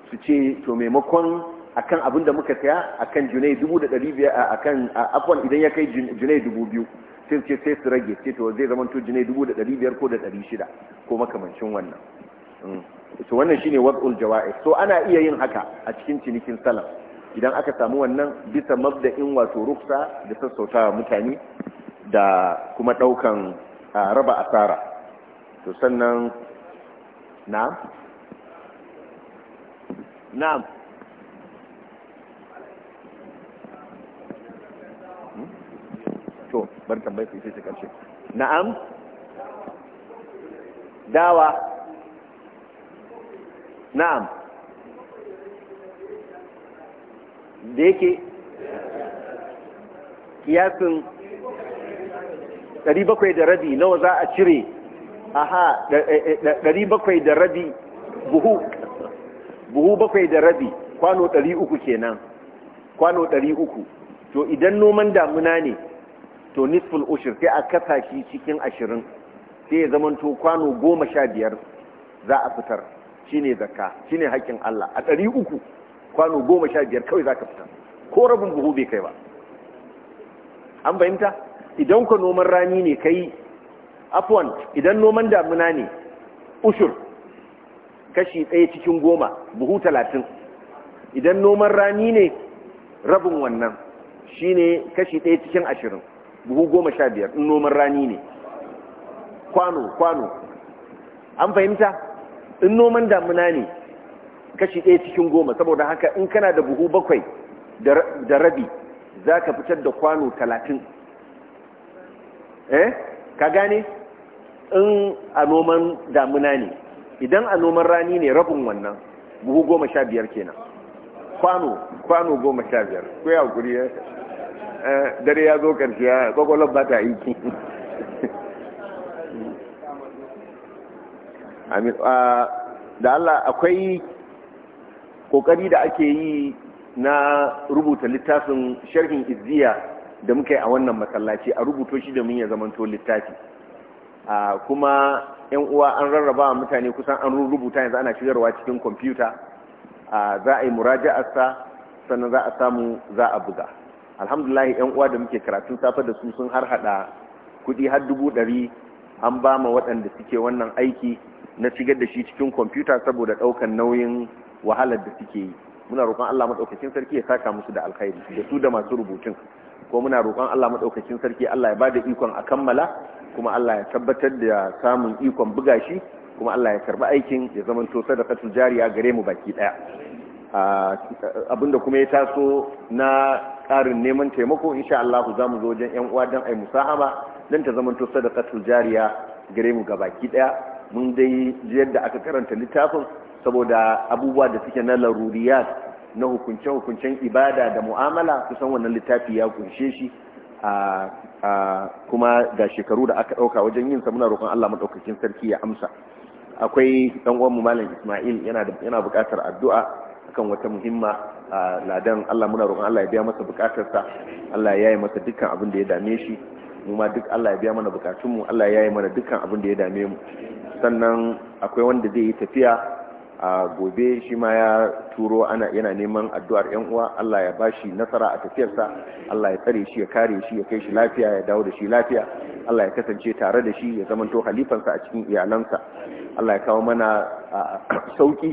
su ce to maimakon akan abin da muka saya akan junai dubu da ɗari biyar kan afon idan ya kai junai dubu biyu sai ce sai su rage ce to zai zamanto junai dubu da ɗari biyar ko da ɗari shida ko makamancin wannan mm. to wannan shine wad'ul jawa'i so ana iya yin haka a cikin cinikin salam idan aka samu wannan bisa mabda'in wato ruksa da sassautawa mutane da kuma ɗaukan raba asara to sannan na na'am to bar tambayar ku sai karshe na'am dawa na'am da yake kiyasin 700 da rabi nawa za a cire aha 700 da rabi buhu buhu bakwai da rabi kwano 300 kenan kwano 300 to idan noman damuna ne to nisful ushir sai a kasa shi cikin ashirin sai ya zamanto kwano goma sha biyar za a fitar shi ne zakka ne haƙƙin Allah a ɗari uku kwano goma sha biyar kawai za ka fitar ko rabin buhu bai kai ba an fahimta idan ka noman rani ne kai afwan idan noman damuna ne ushur kashi ɗaya cikin goma buhu talatin idan noman rani ne rabin wannan shi ne kashi ɗaya cikin ashirin buhu goma sha biyar in noman rani ne kwano kwano an fahimta in noman damuna ne kashi ɗaya cikin goma saboda haka in kana da buhu bakwai da rabi za ka fitar da kwano talatin eh ka gane in a noman damuna ne idan a noman rani ne rabin wannan buhu goma sha biyar kenan kwano kwano goma sha biyar ko guri ya dare ya zo karshe kwakwalon ba ta aiki da Allah akwai kokari da ake yi na rubuta littafin sharhin izziya da muka yi a wannan masallaci a rubuto shi da mun ya zamanto littafi kuma yan uwa an rarraba mutane kusan an rubuta yanzu ana shigarwa cikin kwamfuta za a yi muraja'arsa sannan za a samu za a buga alhamdulahi yan uwa da muke karatun safe da su sun har hada kudi har dubu ɗari an ba ma waɗanda suke wannan aiki na shigar da shi cikin kwamfuta saboda ɗaukan nauyin wahalar da suke yi muna roƙon Allah maɗaukacin sarki ya saka musu da alkhairi da su da masu rubutun ko muna roƙon Allah maɗaukacin sarki Allah ya ba da ikon a kammala kuma Allah ya tabbatar da samun ikon buga shi kuma Allah ya karɓi aikin ya zama to sadaqatul jariya gare mu baki ɗaya ah, abinda kuma ya taso na ƙarin neman taimako insha Allah za mu zo wajen yan uwa don ai musahaba don ta zama to sadaqatul jariya gare mu baki daya mun dai yadda aka karanta littafin saboda abubuwa da suke na laruriyat na hukunce hukuncen ibada da mu'amala kusan wannan littafi ya kunshe shi a kuma ga shekaru da aka dauka wajen yin sa muna roƙon Allah madaukakin sarki ya amsa akwai dan uwan mu malam Ismail yana yana buƙatar addu'a kan wata muhimma a ladan Allah muna roƙon Allah ya biya masa bukatarsa Allah ya yi masa dukkan abin da ya dame shi mu ma duk Allah ya biya mana mu Allah ya yi mana dukkan abin da ya dame mu sannan akwai wanda zai yi tafiya a gobe shi ma ya turo ana yana neman addu'ar yan uwa Allah ya bashi nasara a tafiyarsa Allah ya tsare shi ya kare shi ya kai shi lafiya ya dawo da shi lafiya Allah ya kasance tare da shi ya zamanto halifansa a cikin iyalansa Allah ya kawo mana sauki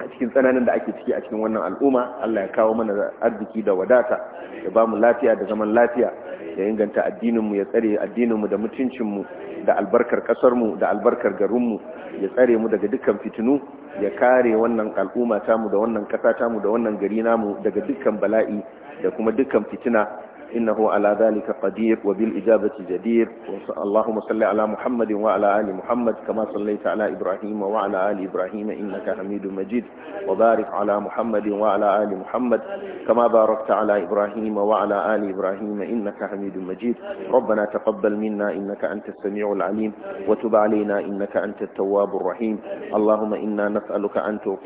a cikin tsananin da ake ciki a cikin wannan al'umma Allah ya kawo mana arziki da wadata ya ba mu lafiya da zaman lafiya ya inganta addininmu ya tsare addininmu da mutuncinmu da albarkar ƙasarmu da albarkar garinmu ya tsare mu daga dukkan fitinu ya kare wannan al'umma tamu da wannan ƙasa tamu da wannan gari namu daga dukkan bala'i da kuma dukkan fitina إنه على ذلك قدير وبالإجابة جدير اللهم صل على محمد وعلى آل محمد كما صليت على إبراهيم وعلى آل إبراهيم إنك حميد مجيد وبارك على محمد وعلى آل محمد كما باركت على إبراهيم وعلى آل إبراهيم إنك حميد مجيد ربنا تقبل منا إنك أنت السميع العليم وتب علينا إنك أنت التواب الرحيم اللهم إنا نسألك أن توقينا